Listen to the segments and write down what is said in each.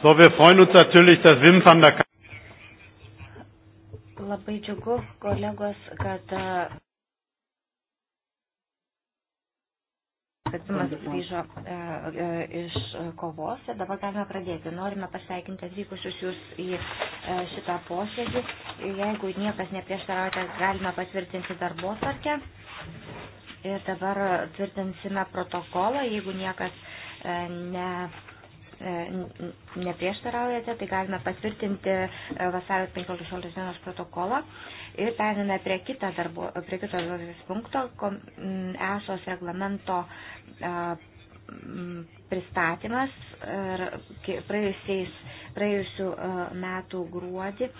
So, wir freuen uns natürlich, dass Wim van der Kamp. Labai džiugu, kolegos, kad, e, kad Vimas grįžo e, e, iš kovos ir dabar galime pradėti. Norime pasveikinti atvykusius jūs į e, šitą posėdį. Jeigu niekas neprieštaraujate, galime patvirtinti darbo tvarkę. Ir dabar tvirtinsime protokolą, jeigu niekas e, ne E, neprieštaraujate, tai galime patvirtinti e, vasario 15 dienos protokolą. Ir periname prie kito darbo, prie kito žodžios punkto, esos reglamento e, pristatymas ir praėjusiais, praėjusių metų gruodį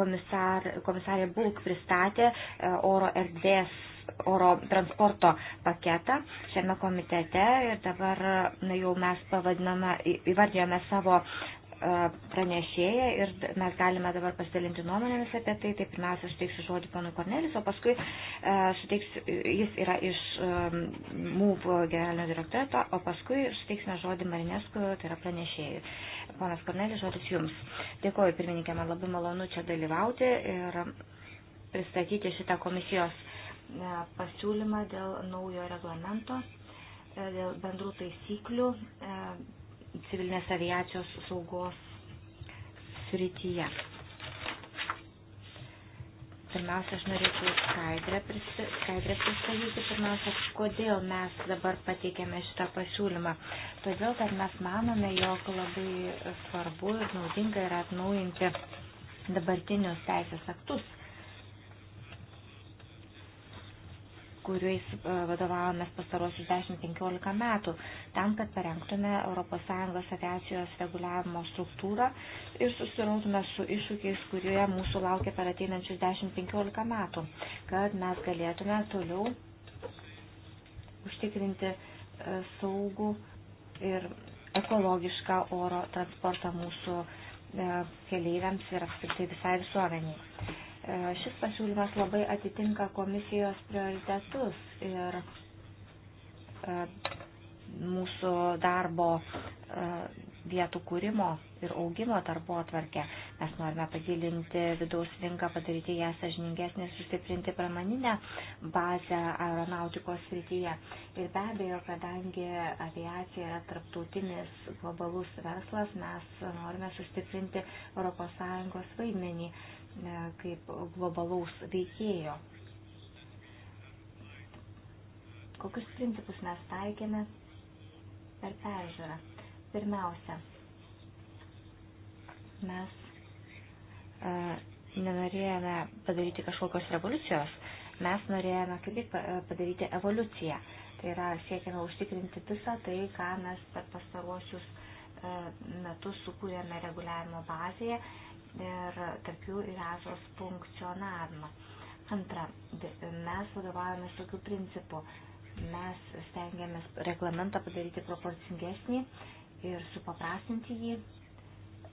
komisar, komisarė Bulk pristatė oro erdvės oro transporto paketą šiame komitete ir dabar na, jau mes pavadiname, įvardėjome savo e, pranešėja ir mes galime dabar pasidalinti nuomonėmis apie tai. Tai pirmiausia, aš teiksiu žodį panu Kornelis, o paskui e, suteiksiu, jis yra iš e, MUV generalinio direktoreto, o paskui suteiksime žodį Marinesku, tai yra pranešėjai. Ponas Kornelis, žodis jums. Dėkuoju, pirmininkė, man labai malonu čia dalyvauti ir pristatyti šitą komisijos E, pasiūlymą dėl naujo reglamento, e, dėl bendrų taisyklių e, civilinės aviacijos saugos srityje. Pirmiausia, aš norėčiau skaidrę pristatyti. Pirmiausia, kodėl mes dabar pateikėme šitą pasiūlymą. Todėl, kad mes manome, jog labai svarbu ir naudinga yra atnaujinti dabartinius teisės aktus kuriais e, vadovavomės pastarosius 10-15 metų, tam, kad parengtume ES aviacijos reguliavimo struktūrą ir susirungtume su iššūkiais, kurie mūsų laukia per ateinančius 10-15 metų, kad mes galėtume toliau užtikrinti e, saugų ir ekologišką oro transportą mūsų e, keleiviams ir apskritai visai visuomeniai. E, šis pasiūlymas labai atitinka komisijos prioritetus ir e, mūsų darbo e, vietų kūrimo ir augimo darbo atvarkę. Mes norime pagilinti vidaus rinką, padaryti ją sažiningesnį, sustiprinti pramaninę bazę aeronautikos srityje. Ir be abejo, kadangi aviacija yra tarptautinis globalus verslas, mes norime sustiprinti ES vaidmenį E, kaip globalaus veikėjo. Kokius principus mes taikėme per peržiūrą? Pirmiausia, mes e, nenorėjome padaryti kažkokios revoliucijos, mes norėjome kaip tik e, padaryti evoliuciją. Tai yra siekiame užtikrinti visą tai, ką mes per pastaruosius e, metus sukūrėme reguliavimo bazėje ir tarp jų ir ežos funkcionavimą. Antra, mes vadovavomės tokiu principu. Mes stengiamės reglamentą padaryti proporcingesnį ir supaprastinti jį.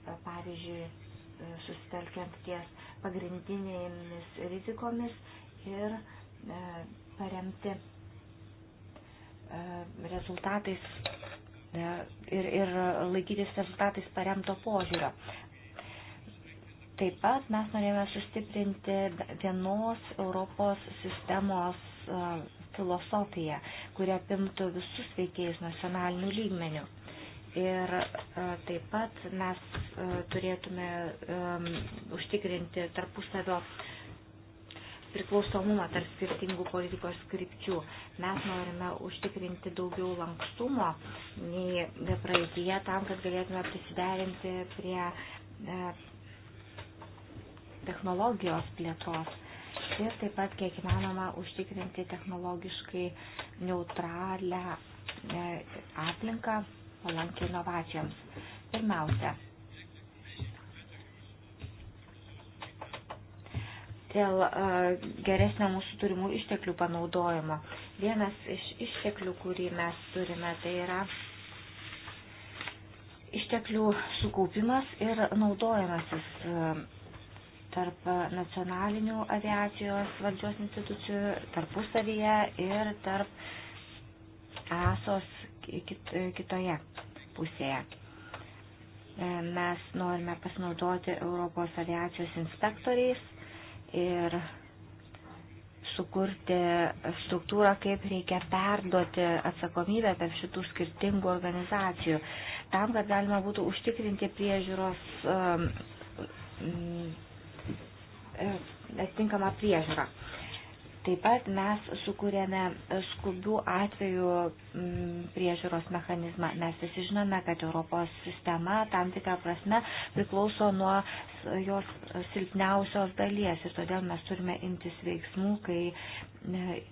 Pavyzdžiui, susitelkiant ties pagrindinėmis rizikomis ir e, paremti e, rezultatais e, ir, ir laikytis rezultatais paremto požiūrio. Taip pat mes norėjome sustiprinti vienos Europos sistemos filosofiją, kuria apimtų visus veikėjus nacionalinių lygmenių. Ir taip pat mes turėtume um, užtikrinti tarpusavio priklausomumą tarp skirtingų politikos skripčių. Mes norime užtikrinti daugiau lankstumo nei praeitie tam, kad galėtume prisiderinti prie technologijos plėtros ir taip pat kiek įmanoma užtikrinti technologiškai neutralią e, aplinką palankiai inovacijoms. Pirmiausia, dėl e, geresnio mūsų turimų išteklių panaudojimo. Vienas iš išteklių, kurį mes turime, tai yra išteklių sukaupimas ir naudojimasis e, tarp nacionalinių aviacijos valdžios institucijų, tarpusavyje ir tarp ESOS kitoje pusėje. E, mes norime pasinaudoti Europos aviacijos inspektoriais ir sukurti struktūrą, kaip reikia perduoti atsakomybę tarp šitų skirtingų organizacijų, tam, kad galima būtų užtikrinti priežiūros e, atitinkamą e, priežiūrą. Taip pat mes sukūrėme skubių atvejų mm, priežiūros mechanizmą. Mes visi žinome, kad Europos sistema tam tikrą prasme priklauso nuo jos silpniausios dalies ir todėl mes turime imtis veiksmų, kai e,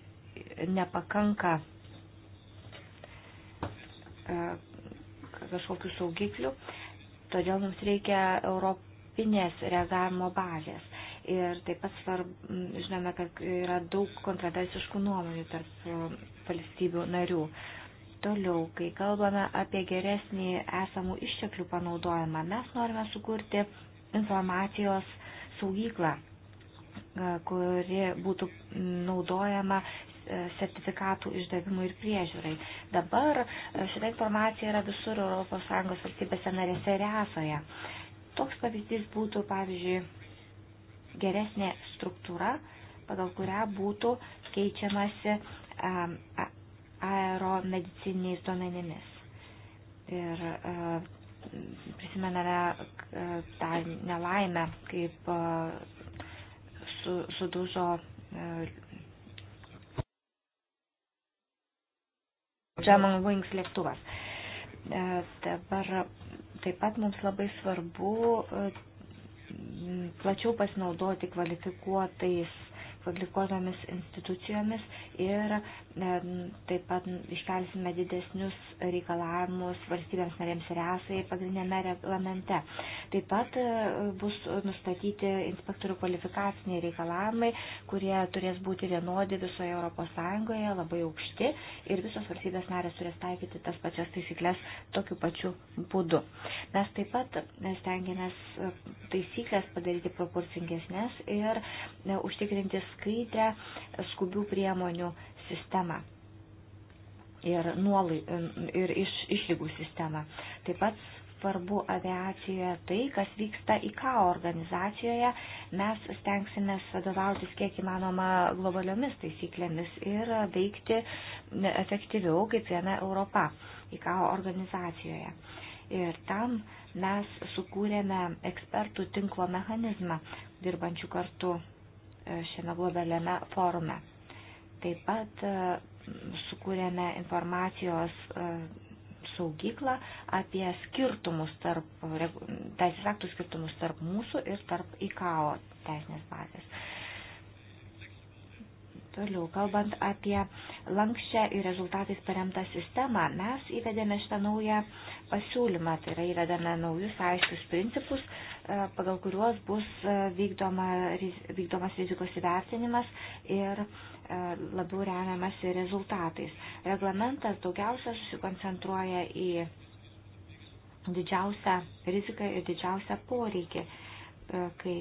nepakanka e, kažkokių saugiklių. Todėl mums reikia Europinės reagavimo bazės Ir taip pat svarbu, žinome, kad yra daug kontroversiškų nuomonių tarp e, valstybių narių. Toliau, kai kalbame apie geresnį esamų išteklių panaudojimą, mes norime sukurti informacijos saugyklą, e, kuri būtų naudojama e, sertifikatų išdavimui ir priežiūrai. Dabar šita informacija yra visur ES valstybėse narėse ir esoje. Toks pavyzdys būtų, pavyzdžiui, geresnė struktūra, pagal kurią būtų keičiamasi aeromediciniais duomenimis. Ir e, prisimename e, tą nelaimę, kaip e, su, sudužo German Wings lėktuvas. Dabar taip pat mums labai svarbu plačiau pasinaudoti kvalifikuotais publikuotomis institucijomis ir e, taip pat iškelsime didesnius reikalavimus valstybėms narėms ir esai pagrindinėme reglamente. Taip pat e, bus nustatyti inspektorių kvalifikaciniai reikalavimai, kurie turės būti vienodi visoje Europos Sąjungoje, labai aukšti ir visos valstybės narės turės taikyti tas pačias taisyklės tokiu pačiu būdu. Mes taip pat e, stengiamės taisyklės padaryti proporcingesnės ir užtikrinti skaidrę skubių priemonių sistemą ir, nuolai, ir iš, išlygų sistemą. Taip pat svarbu aviacijoje tai, kas vyksta IKA organizacijoje. Mes stengsime vadovautis kiek įmanoma globaliomis taisyklėmis ir veikti efektyviau kaip viena Europa IKA organizacijoje. Ir tam mes sukūrėme ekspertų tinklo mechanizmą, dirbančių kartu šiame globaliame forume. Taip pat e, sukūrėme informacijos e, saugyklą apie skirtumus tarp, teisės aktų skirtumus tarp mūsų ir tarp IKAO teisinės bazės. Toliau, kalbant apie lankščią ir rezultatais paremtą sistemą, mes įvedėme šitą naują pasiūlymą, tai yra įvedame naujus aiškius principus, e, pagal kuriuos bus e, vykdoma, vykdomas rizikos įvertinimas ir e, labiau remiamasi rezultatais. Reglamentas daugiausia susikoncentruoja į didžiausią riziką ir didžiausią poreikį, kai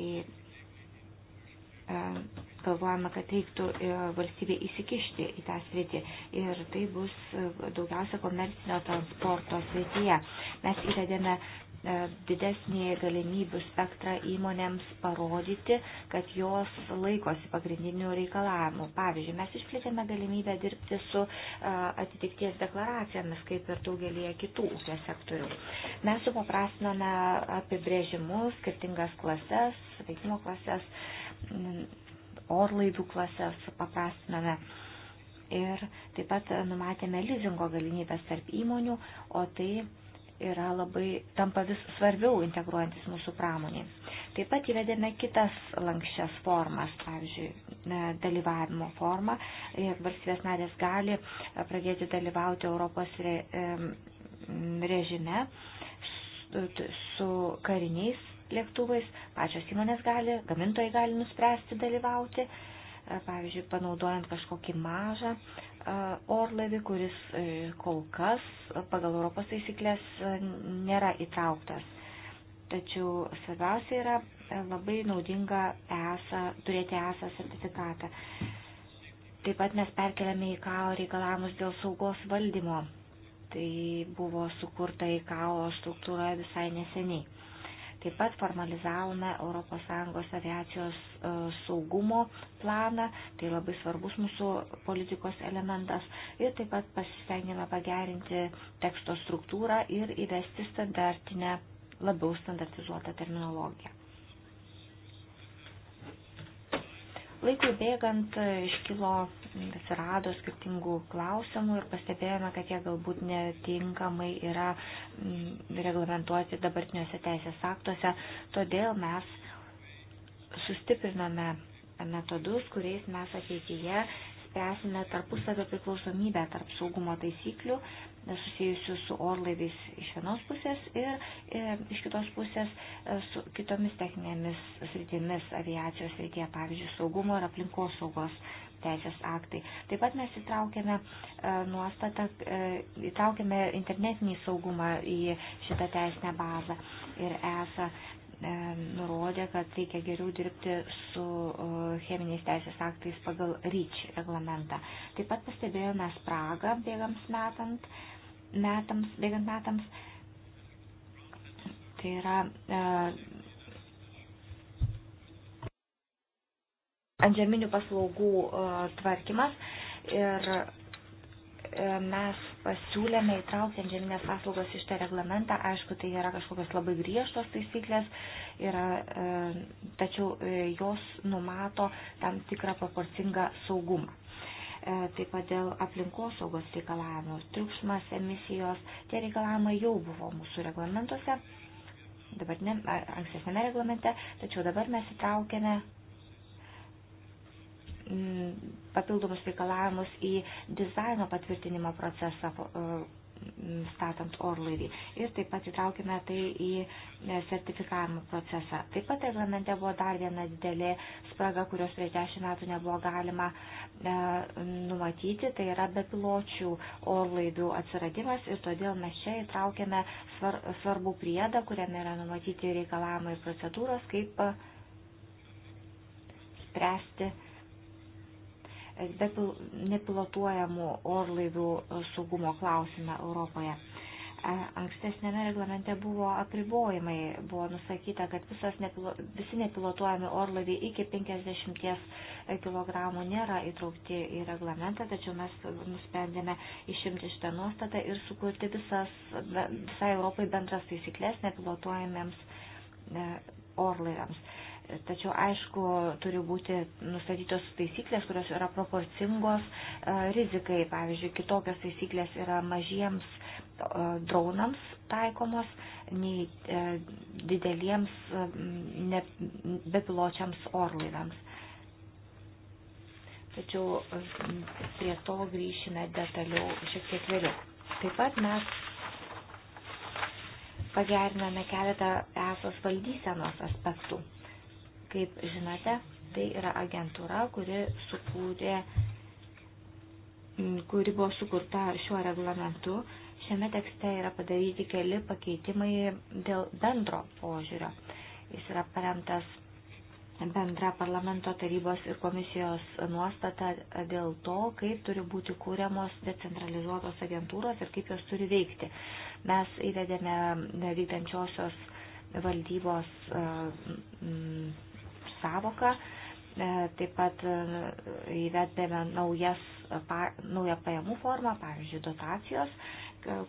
galvojame, kad reiktų e, valstybė įsikišti į tą sritį ir tai bus e, daugiausia komercinio transporto srityje. Mes įvedėme e, didesnį galimybių spektrą įmonėms parodyti, kad jos laikosi pagrindinių reikalavimų. Pavyzdžiui, mes išplėtėme galimybę dirbti su atitikties deklaracijomis, kaip ir daugelie kitų ūkio sektorių. Mes supaprastinome apibrėžimus, skirtingas klases, veikimo klases orlaivių klasės paprastiname. Ir taip pat numatėme lizingo galimybės tarp įmonių, o tai yra labai tampa vis svarbiau integruojantis mūsų pramonį. Taip pat įvedėme kitas lankščias formas, pavyzdžiui, dalyvavimo formą, jog valstybės narės gali pradėti dalyvauti Europos re, režime su kariniais lėktuvais, pačios įmonės gali, gamintojai gali nuspręsti dalyvauti, e, pavyzdžiui, panaudojant kažkokį mažą e, orlaivį, kuris e, kol kas pagal Europos taisyklės nėra įtrauktas. Tačiau svarbiausia yra labai naudinga ESA, turėti ESA sertifikatą. Taip pat mes perkeliame į KAO reikalavimus dėl saugos valdymo. Tai buvo sukurta į KAO struktūra visai neseniai. Taip pat formalizavome ES aviacijos e, saugumo planą, tai labai svarbus mūsų politikos elementas ir taip pat pasistengėme pagerinti teksto struktūrą ir įvesti standartinę, labiau standartizuotą terminologiją. Laikui bėgant e, iškilo atsirado skirtingų klausimų ir pastebėjome, kad jie galbūt netinkamai yra mm, reglamentuoti dabartiniuose teisės aktuose. Todėl mes sustipriname metodus, kuriais mes ateityje spręsime tarpusavio priklausomybę tarp saugumo taisyklių susijusių su orlaiviais iš vienos pusės ir, ir e, iš kitos pusės e, su kitomis techninėmis sritimis aviacijos srityje, pavyzdžiui, saugumo ir aplinkos saugos teisės aktai. Taip pat mes įtraukėme e, nuostatą, e, įtraukėme internetinį saugumą į šitą teisinę bazą ir esą e, nurodė, kad reikia geriau dirbti su cheminiais teisės aktais pagal REACH reglamentą. Taip pat pastebėjome spragą bėgams metant, metams, bėgant metams. Tai yra antžeminių paslaugų e, tvarkymas ir e, mes pasiūlėme įtraukti antžeminės paslaugos iš tą reglamentą. Aišku, tai yra kažkokios labai griežtos taisyklės, yra, e, tačiau jos numato tam tikrą proporcingą saugumą. Taip pat dėl aplinkosaugos reikalavimų, triukšmas, emisijos, tie reikalavimai jau buvo mūsų reglamentuose, dabar ne, ankstesnėme reglamente, tačiau dabar mes įtraukėme papildomus reikalavimus į dizaino patvirtinimo procesą e, statant orlaivį. Ir taip pat įtraukime tai į e, sertifikavimo procesą. Taip pat reglamente buvo dar viena didelė spraga, kurios prieš dešimt metų nebuvo galima e, numatyti, tai yra bepiločių orlaivių atsiradimas ir todėl mes čia įtraukėme svar, svarbų priedą, kuriame yra numatyti reikalavimai ir procedūros, kaip e, spręsti nepilotuojamų orlaivių e, saugumo klausimą Europoje. Ankstesnėme reglamente buvo apribojimai, buvo nusakyta, kad visos nepilo, visi nepilotuojami orlaiviai iki 50 e, kg nėra įtraukti į reglamentą, tačiau mes nusprendėme išimti šitą nuostatą ir sukurti visas, visai Europai bendras taisyklės nepilotuojamiems e, orlaiviams. Tačiau, aišku, turi būti nustatytos taisyklės, kurios yra proporcingos e, rizikai. Pavyzdžiui, kitokios taisyklės yra mažiems e, dronams taikomos, nei e, dideliems ne, bepiločiams orlaiviams. Tačiau prie to grįšime detaliau šiek tiek vėliau. Taip pat mes pageriname keletą esos valdysenos aspektų. Kaip žinote, tai yra agentūra, kuri sukūrė kuri buvo sukurta šiuo reglamentu. Šiame tekste yra padaryti keli pakeitimai dėl bendro požiūrio. Jis yra paremtas bendra parlamento tarybos ir komisijos nuostata dėl to, kaip turi būti kūriamos decentralizuotos agentūros ir kaip jos turi veikti. Mes įvedėme vykdančiosios valdybos. Uh, mm, savoką, e, taip pat e, įvedėme naujas, e, naują pajamų formą, pavyzdžiui, dotacijos,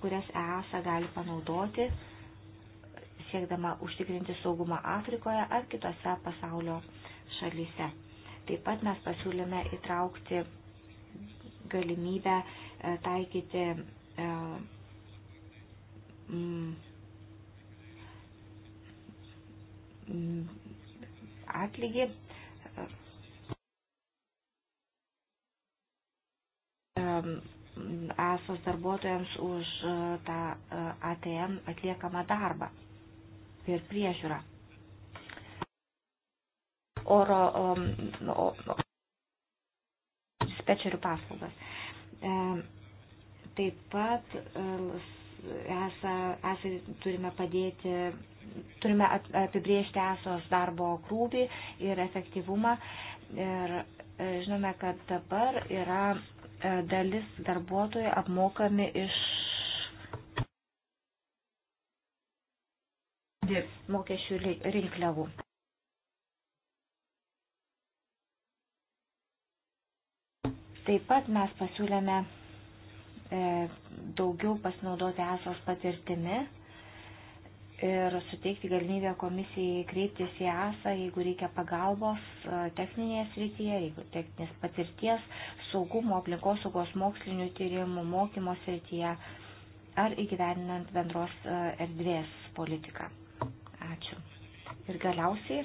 kurias EASA gali panaudoti siekdama užtikrinti saugumą Afrikoje ar kitose pasaulio šalyse. Taip pat mes pasiūlėme įtraukti galimybę taikyti atlygį. ASOS darbuotojams už e, tą e, ATM atliekamą darbą ir priežiūrą. Oro o, o, dispečerių paslaugas. Taip pat e, esą, esą turime padėti turime apibriežti esos darbo krūvį ir efektyvumą. Ir e, žinome, kad dabar yra e, dalis darbuotojų apmokami iš mokesčių rinkliavų. Taip pat mes pasiūlėme e, daugiau pasinaudoti esos patirtimi ir suteikti galimybę komisijai kreiptis į ASA, jeigu reikia pagalbos e, techninėje srityje, jeigu techninės patirties, saugumo, aplinkosaugos mokslinių tyrimų, mokymo srityje ar įgyveninant bendros e, erdvės politiką. Ačiū. Ir galiausiai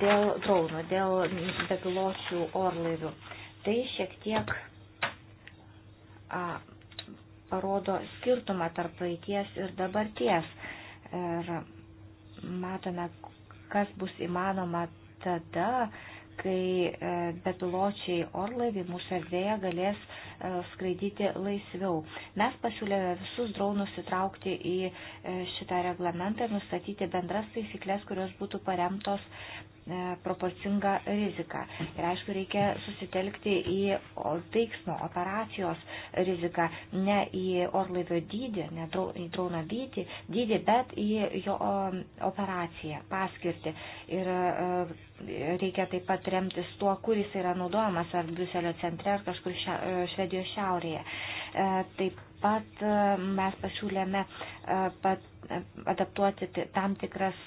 dėl dronų, dėl bepiločių orlaivių. Tai šiek tiek parodo skirtumą tarp praeities ir dabarties. Ir matome, kas bus įmanoma tada, kai e, bepiločiai orlaiviai mūsų erdvėje galės E, skraidyti laisviau. Mes pasiūlėme visus dronus įtraukti į e, šitą reglamentą ir nustatyti bendras taisyklės, kurios būtų paremtos e, proporcinga rizika. Ir aišku, reikia susitelkti į veiksmo operacijos riziką, ne į orlaivio dydį, ne į drono dydį, dydį, bet į jo operaciją, paskirtį. Ir reikia taip pat remtis tuo, kuris yra naudojamas, ar Briuselio centre, ar kažkur Švedijoje Švedijos šiaurėje. E, taip pat e, mes pasiūlėme e, adaptuoti tam tikras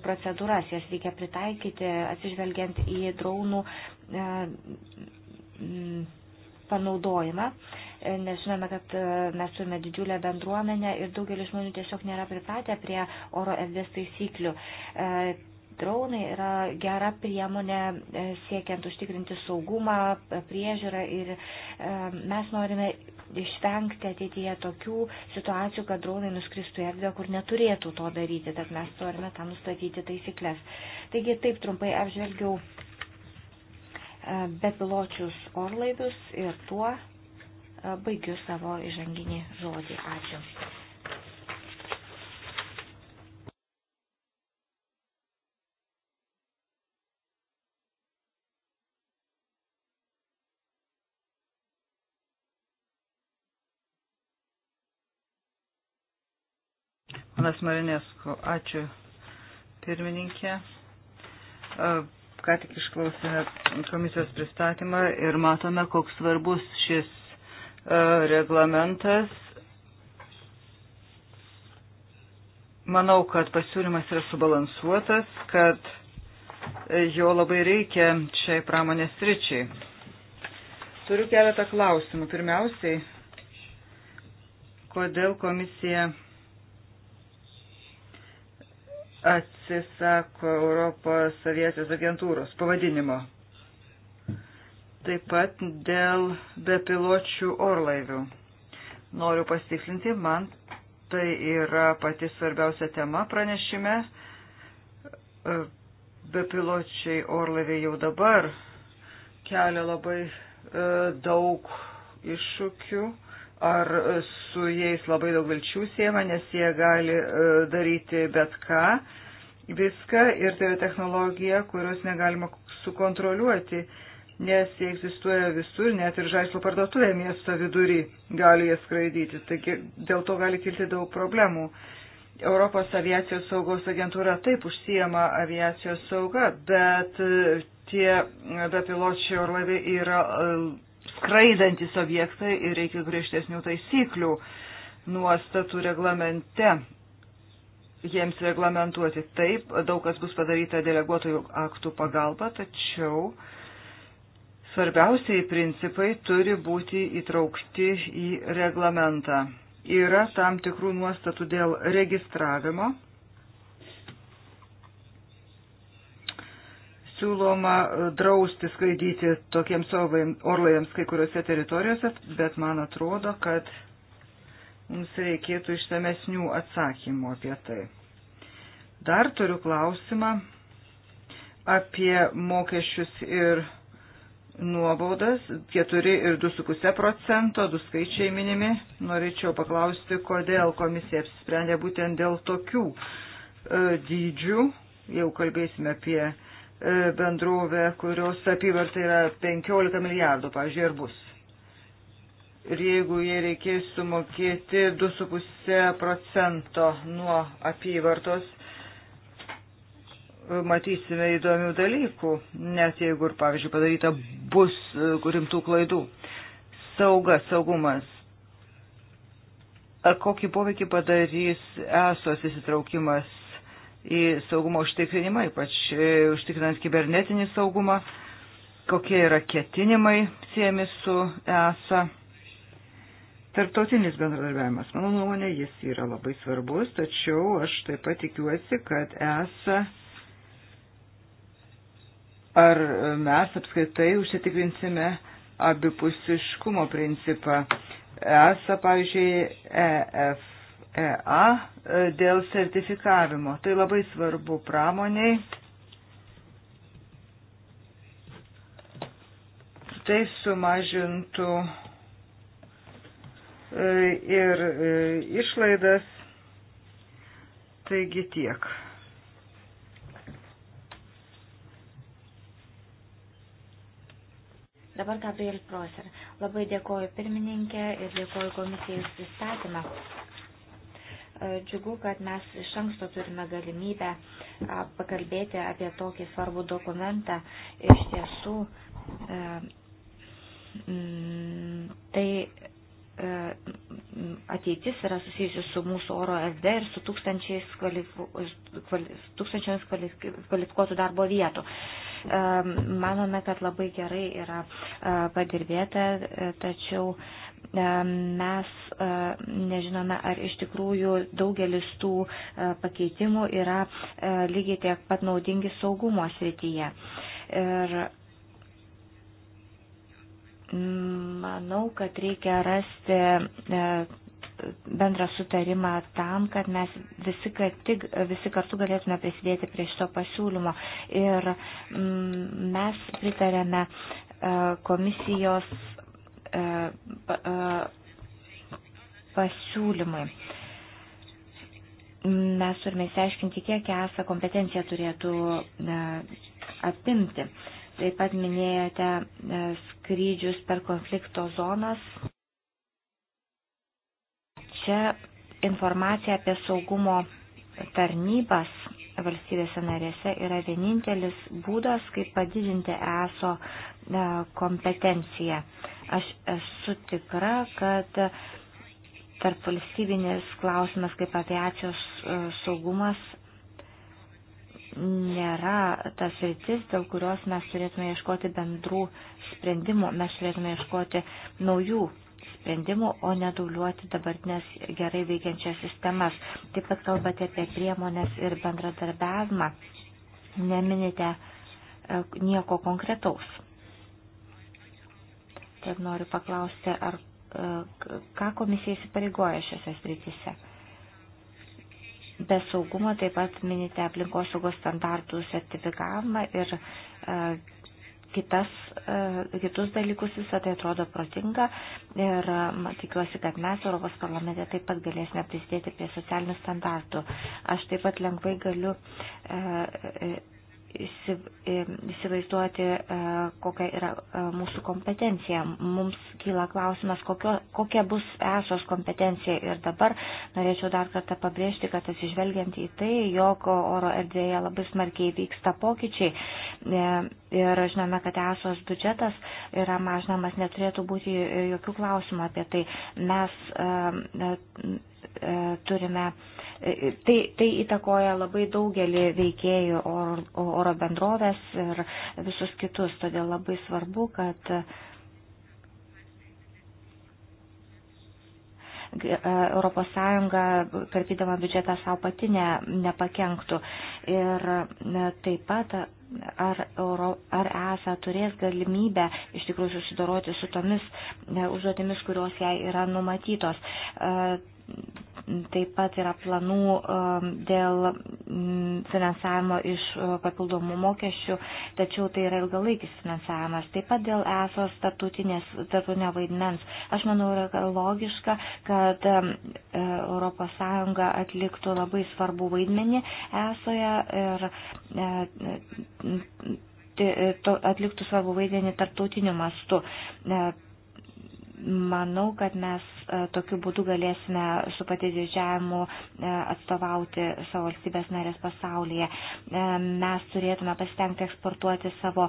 procedūras, jas reikia pritaikyti atsižvelgiant į draunų panaudojimą, nes žinome, kad mes turime didžiulę bendruomenę ir daugelis žmonių tiesiog nėra pripratę prie oro erdvės taisyklių. Dronai yra gera priemonė e, siekiant užtikrinti saugumą, priežiūrą ir e, mes norime išvengti ateityje tokių situacijų, kad dronai nuskristų į erdvę, kur neturėtų to daryti, tad mes turime tam nustatyti taisyklės. Taigi taip trumpai apžvelgiau e, bepiločius orlaivius ir tuo baigiu savo įžanginį žodį. Ačiū. Panas Marinesko, ačiū pirmininkė. Ką tik išklausėme komisijos pristatymą ir matome, koks svarbus šis reglamentas. Manau, kad pasiūlymas yra subalansuotas, kad jo labai reikia šiai pramonės ryčiai. Turiu keletą klausimų. Pirmiausiai, kodėl komisija atsisako Europos aviacijos agentūros pavadinimo. Taip pat dėl bepiločių orlaivių. Noriu pasitikslinti, man tai yra pati svarbiausia tema pranešime. E, bepiločiai orlaiviai jau dabar kelia labai e, daug iššūkių ar su jais labai daug vilčių siema, nes jie gali e, daryti bet ką, viską ir tai yra technologija, kurios negalima sukontroliuoti, nes jie egzistuoja visur, net ir žaislo parduotuvė miesto vidury gali jie skraidyti, taigi dėl to gali kilti daug problemų. Europos aviacijos saugos agentūra taip užsijama aviacijos sauga, bet e, tie bepiločiai orlaiviai yra e, skraidantys objektai ir reikia griežtesnių taisyklių nuostatų reglamente. Jiems reglamentuoti taip, daug kas bus padaryta deleguotojų aktų pagalba, tačiau svarbiausiai principai turi būti įtraukti į reglamentą. Yra tam tikrų nuostatų dėl registravimo siūloma e, drausti skraidyti tokiems orlaiviams kai kuriuose teritorijose, bet man atrodo, kad mums reikėtų išsamesnių atsakymų apie tai. Dar turiu klausimą apie mokesčius ir nuobaudas 4 ir 2,5 procento, du skaičiai minimi. Norėčiau paklausti, kodėl komisija apsisprendė būtent dėl tokių e, dydžių, jau kalbėsime apie E, bendrovė, kurios apyvarta yra 15 milijardų, pavyzdžiui, ir bus. Ir jeigu jie reikės sumokėti 2,5 procento nuo apyvartos, e, matysime įdomių dalykų, net jeigu ir, pavyzdžiui, padaryta bus e, rimtų klaidų. Sauga, saugumas. Ar kokį poveikį padarys esos įsitraukimas į saugumo užtikrinimą, ypač e, užtikrinant kibernetinį saugumą, kokie yra ketinimai siemi su ESA. Tarptautinis bendradarbiavimas, mano nuomonė, jis yra labai svarbus, tačiau aš taip pat tikiuosi, kad ESA ar mes apskaitai užsitikrinsime abipusiškumo principą. ESA, pavyzdžiui, EF EA e, dėl sertifikavimo. Tai labai svarbu pramoniai. Tai sumažintų e, ir e, išlaidas. Taigi tiek. Dabar Gabriel Proser. Labai dėkoju pirmininkė ir dėkoju komisijai už pristatymą. Džiugu, kad mes iš anksto turime galimybę pakalbėti apie tokį svarbų dokumentą. Iš tiesų, tai ateitis yra susijusi su mūsų oro SD ir su tūkstančiais tūkstančiams kvalifikuotų darbo vietų. Manome, kad labai gerai yra padirbėta, tačiau E, mes e, nežinome, ar iš tikrųjų daugelis tų e, pakeitimų yra lygiai tiek pat naudingi saugumo srityje. Ir mm, manau, kad reikia rasti bendrą sutarimą tam, kad mes visi, kad tik, visi kartu galėtume prisidėti prie šito pasiūlymo. Ir mm, mes pritarėme komisijos E, e, pasiūlymai. Mes turime įsiaiškinti, kiek esą kompetencija turėtų e, apimti. Taip pat minėjote skrydžius per konflikto zonas. Čia informacija apie saugumo tarnybas valstybėse narėse yra vienintelis būdas, kaip padidinti ESO kompetenciją. Aš esu tikra, kad tarp valstybinis klausimas kaip aviacijos e, saugumas nėra tas rytis, dėl kurios mes turėtume ieškoti bendrų sprendimų, mes turėtume ieškoti naujų sprendimų, o neduliuoti dabartinės gerai veikiančias sistemas. Taip pat kalbate apie priemonės ir bendradarbiavimą, neminite e, nieko konkretaus. Tad noriu paklausti, ar e, ką komisija įsipareigoja šiose srityse. Be saugumo taip pat minite aplinkosaugos standartų sertifikavimą ir e, kitas, e, kitus dalykus visą tai atrodo protinga ir tikiuosi, kad mes Europos parlamente taip pat galėsime prisidėti prie socialinių standartų. Aš taip pat lengvai galiu įsivaizduoti, e, kokia yra e, mūsų kompetencija. Mums kyla klausimas, kokio, kokia bus esos kompetencija. Ir dabar norėčiau dar kartą pabrėžti, kad atsižvelgiant į tai, jog oro erdvėje labai smarkiai vyksta pokyčiai e, ir žinome, kad esos biudžetas yra mažinamas, neturėtų būti jokių klausimų apie tai. Mes E, turime, e, tai, tai įtakoja labai daugelį veikėjų oro, oro bendrovės ir visus kitus, todėl labai svarbu, kad ES karpydama biudžetą savo pati ne, nepakenktų. Ir e, taip pat, ar, Euro, ar ESA turės galimybę iš tikrųjų susidoroti su tomis užduotimis, kurios jai yra numatytos. Taip pat yra planų um, dėl mm, finansavimo iš uh, papildomų mokesčių, tačiau tai yra ilgalaikis finansavimas. Taip pat dėl esos tarptautinio vaidmens. Aš manau, yra logiška, kad um, ES atliktų labai svarbų vaidmenį esoje ir uh, atliktų svarbų vaidmenį tarptautiniu mastu. Uh, Manau, kad mes e, tokiu būdu galėsime su patidžiavimu e, atstovauti savo valstybės narės pasaulyje. E, mes turėtume pasitengti eksportuoti savo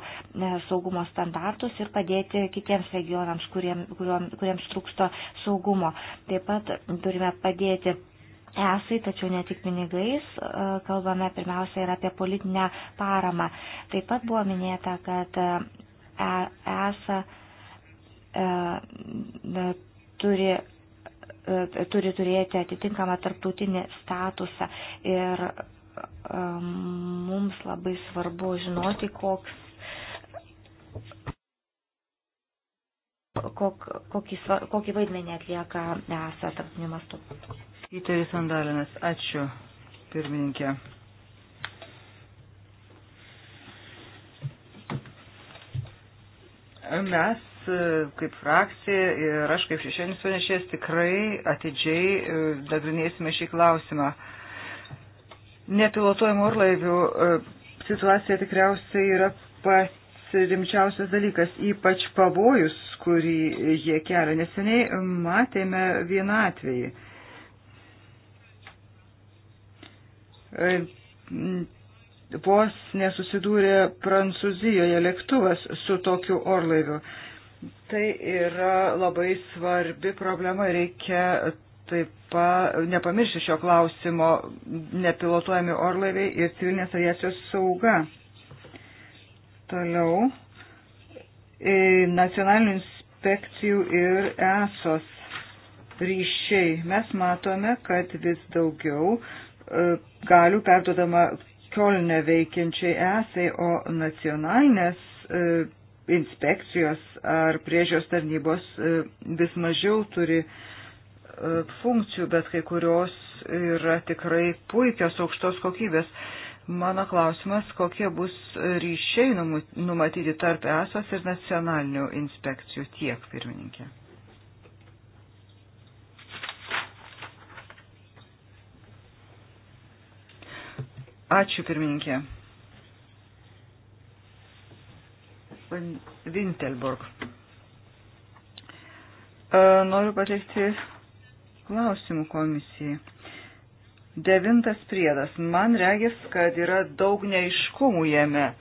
saugumo standartus ir padėti kitiems regionams, kuriem, kuriems, kuriems trūksto saugumo. Taip pat turime padėti esai, tačiau ne tik pinigais, kalbame pirmiausia ir apie politinę paramą. Taip pat buvo minėta, kad esą E, e, turi e, turi turėti atitinkamą tarptautinį statusą ir mums labai svarbu žinoti, koks, kok, kokį, kokį vaidmenį atlieka ESA tarptautiniu mastu. Įteris Andalinas, ačiū pirmininkė. Mes E, kaip frakcija ir aš kaip šešėlis panešės tikrai atidžiai e, nagrinėsime šį klausimą. Nepilotuojamų orlaivių e, situacija tikriausiai yra pati rimčiausias dalykas, ypač pavojus, kurį jie kelia. Neseniai matėme vieną atvejį. Vos nesusidūrė Prancūzijoje lėktuvas su tokiu orlaiviu. Tai yra labai svarbi problema, reikia taip pat nepamiršti šio klausimo nepilotuojami orlaiviai ir civilinės aviacijos sauga. Toliau e, nacionalinių inspekcijų ir ESOS ryšiai. Mes matome, kad vis daugiau e, galių perdodama Kielne veikiančiai ESAI, o nacionalinės e, inspekcijos ar priežios tarnybos e, vis mažiau turi e, funkcijų, bet kai kurios yra tikrai puikios aukštos kokybės. Mano klausimas, kokie bus ryšiai numatyti tarp ESOS ir nacionalinių inspekcijų tiek, pirmininkė. Ačiū, pirmininkė. van Wintelburg. E, noriu pateikti klausimų komisijai. Devintas priedas. Man regis, kad yra daug neiškumų jame.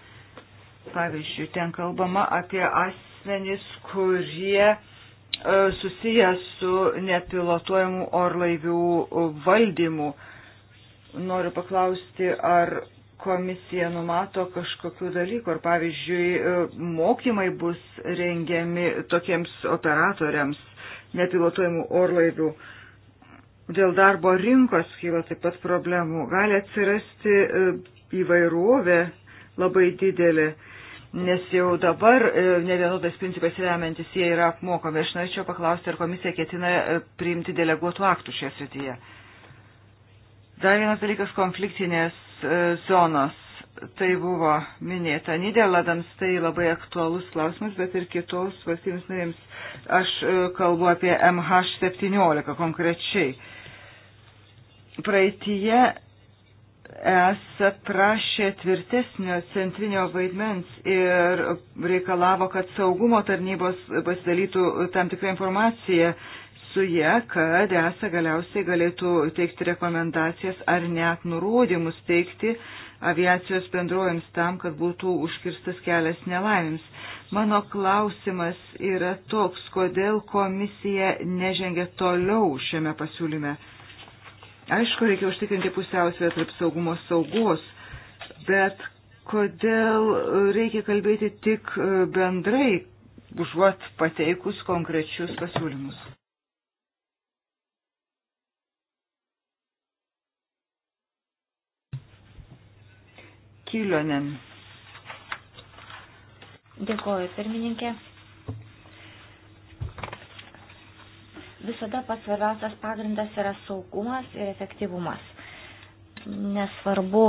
Pavyzdžiui, ten kalbama apie asmenys, kurie e, susijęs su nepilotuojamų orlaivių valdymu. Noriu paklausti, ar komisija numato kažkokių dalykų, ar pavyzdžiui, e, mokymai bus rengiami tokiems operatoriams nepilotuojamų orlaivių. Dėl darbo rinkos kyla taip pat problemų. Gali atsirasti e, įvairovė labai didelė, nes jau dabar e, ne vienodas principas remiantis jie yra apmokomi. Aš norėčiau paklausti, ar komisija ketina priimti deleguotų aktų šioje srityje. Dar vienas dalykas - konfliktinės E, zonos. Tai buvo minėta Niderlandams, tai labai aktualus klausimas, bet ir kitos valstybės narėms. Aš e, kalbu apie MH17 konkrečiai. Praeitie ES prašė tvirtesnio centrinio vaidmens ir reikalavo, kad saugumo tarnybos pasidalytų tam tikrą informaciją su jie, kad ESA galiausiai galėtų teikti rekomendacijas ar net nurodymus teikti aviacijos bendrojams tam, kad būtų užkirstas kelias nelaimėms. Mano klausimas yra toks, kodėl komisija nežengia toliau šiame pasiūlyme. Aišku, reikia užtikrinti pusiausvę tarp saugumo saugos, bet kodėl reikia kalbėti tik bendrai, užuot pateikus konkrečius pasiūlymus. Kilionen. Dėkoju, pirmininkė. Visada pats svarbiausias pagrindas yra saugumas ir efektyvumas. Nesvarbu,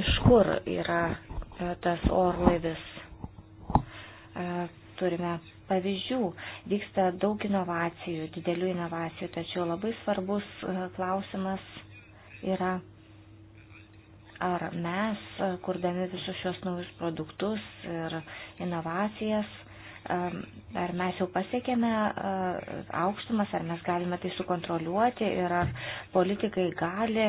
iš kur yra e, tas orlaivis. E, turime pavyzdžių, vyksta daug inovacijų, didelių inovacijų, tačiau labai svarbus e, klausimas yra ar mes, e, kurdami visus šios naujus produktus ir inovacijas, e, ar mes jau pasiekėme e, aukštumas, ar mes galime tai sukontroliuoti ir ar politikai gali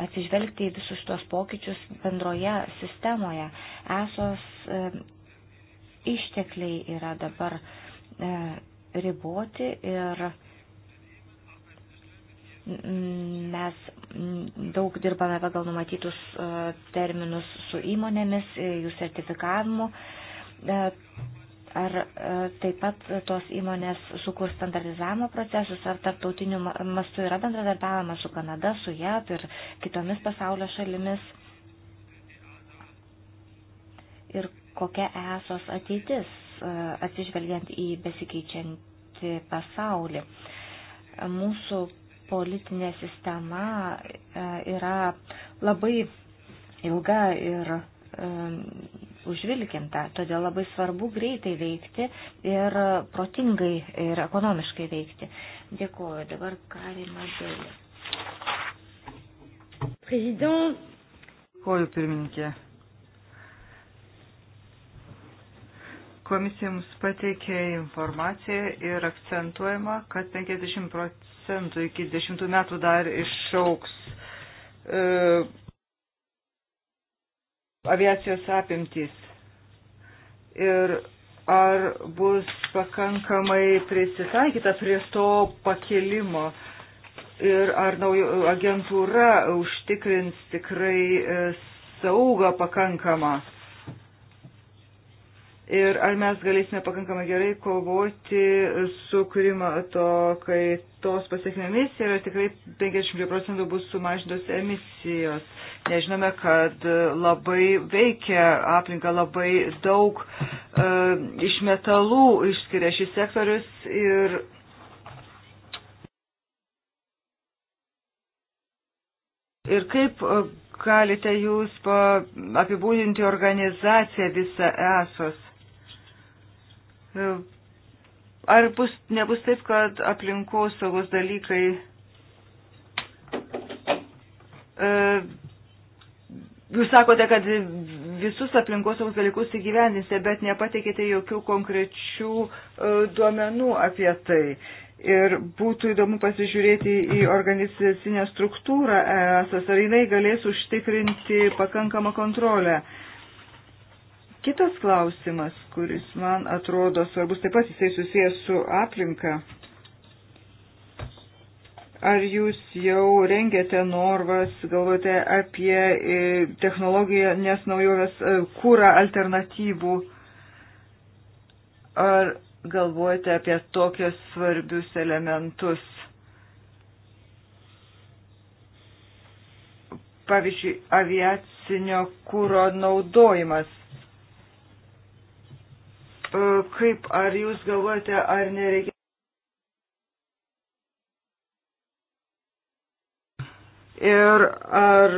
atsižvelgti į visus šitos pokyčius bendroje sistemoje. Esos ištekliai yra dabar riboti ir mes daug dirbame pagal numatytus e, terminus su įmonėmis, e, jų sertifikavimu. E, ar taip pat tos įmonės sukurs standartizavimo procesus, ar tarptautiniu mastu yra bendradarbiavama su Kanada, su JAP ir kitomis pasaulio šalimis? Ir kokia esos ateitis, atsižvelgiant į besikeičiantį pasaulį? Mūsų politinė sistema e, yra labai ilga ir e, užvilkinta, todėl labai svarbu greitai veikti ir protingai ir ekonomiškai veikti. Dėkuoju, dabar Karima Dėlė. Prezident. Dėkuoju, pirmininkė. Komisija mums pateikė informaciją ir akcentuojama, kad 50 procentų procentų iki 10 metų dar išauks e, aviacijos apimtys. Ir ar bus pakankamai prisitaikyta prie to pakilimo ir ar naujo agentūra užtikrins tikrai e, saugą pakankamą ir ar mes galėsime pakankamai gerai kovoti su klimato kaitos pasiekmėmis ir ar tikrai 50 procentų bus sumažintos emisijos. Nežinome, kad labai veikia aplinka, labai daug e, iš metalų išskiria šis sektorius ir Ir kaip e, galite jūs apibūdinti organizaciją visą esos? Ar bus, nebus taip, kad aplinkos saugos dalykai e, Jūs sakote, kad visus aplinkosaugos dalykus įgyvendinsite, bet nepateikite jokių konkrečių e, duomenų apie tai. Ir būtų įdomu pasižiūrėti į organizacinę struktūrą ESAS, ar jinai galės užtikrinti pakankamą kontrolę. Uh, Kitas klausimas, kuris man atrodo svarbus, taip pat jisai susijęs su aplinka. Ar jūs jau rengiate norvas, galvojate apie e, technologiją, nes naujoves e, kūrą alternatyvų? Ar galvojate apie tokius svarbius elementus? Pavyzdžiui, aviacinio kūro naudojimas E, kaip, ar jūs galvojate, ar nereikia. Ir ar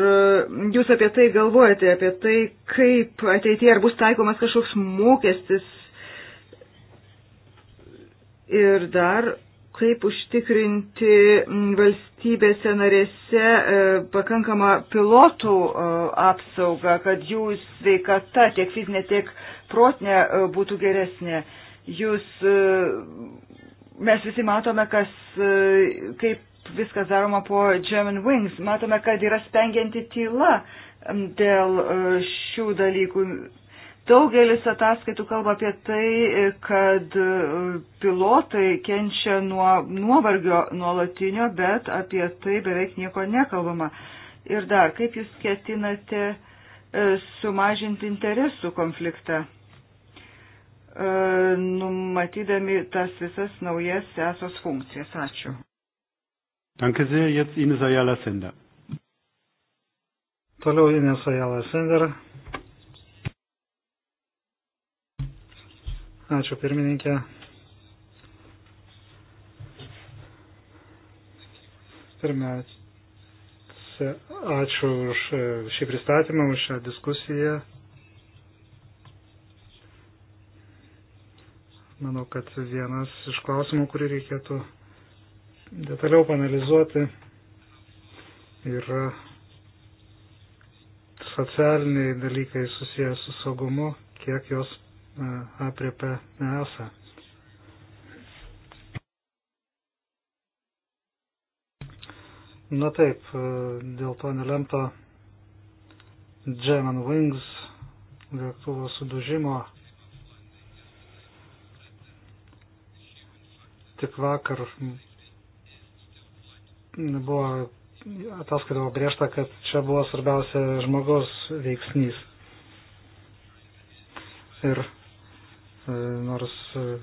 jūs apie tai galvojate, apie tai, kaip ateityje, ar bus taikomas kažkoks mokestis? Ir dar kaip užtikrinti valstybėse narėse e, pakankamą pilotų e, apsaugą, kad jų sveikata tiek fizinė, tiek protinė e, būtų geresnė. Jūs, mes visi matome, kas, kaip viskas daroma po German Wings. Matome, kad yra spengianti tyla dėl šių dalykų Daugelis ataskaitų kalba apie tai, kad e, pilotai kenčia nuo nuovargio nuolatinio, bet apie tai beveik nieko nekalbama. Ir dar, kaip jūs ketinate e, sumažinti interesų konfliktą, e, numatydami tas visas naujas esos funkcijas? Ačiū. Danke sehr, jetzt Ines Ayala Sender. Toliau Ines Ayala Sender. Ačiū pirmininkė. Pirmiausia, ačiū už šį pristatymą, už šią diskusiją. Manau, kad vienas iš klausimų, kurį reikėtų detaliau panalizuoti, yra socialiniai dalykai susijęs su saugumu, kiek jos apriepia ESA. Na taip, e, dėl to nelemto German Wings lėktuvo sudužimo tik vakar buvo ataskaitovo griežta, kad čia buvo svarbiausia žmogaus veiksnys. Ir E, nors e,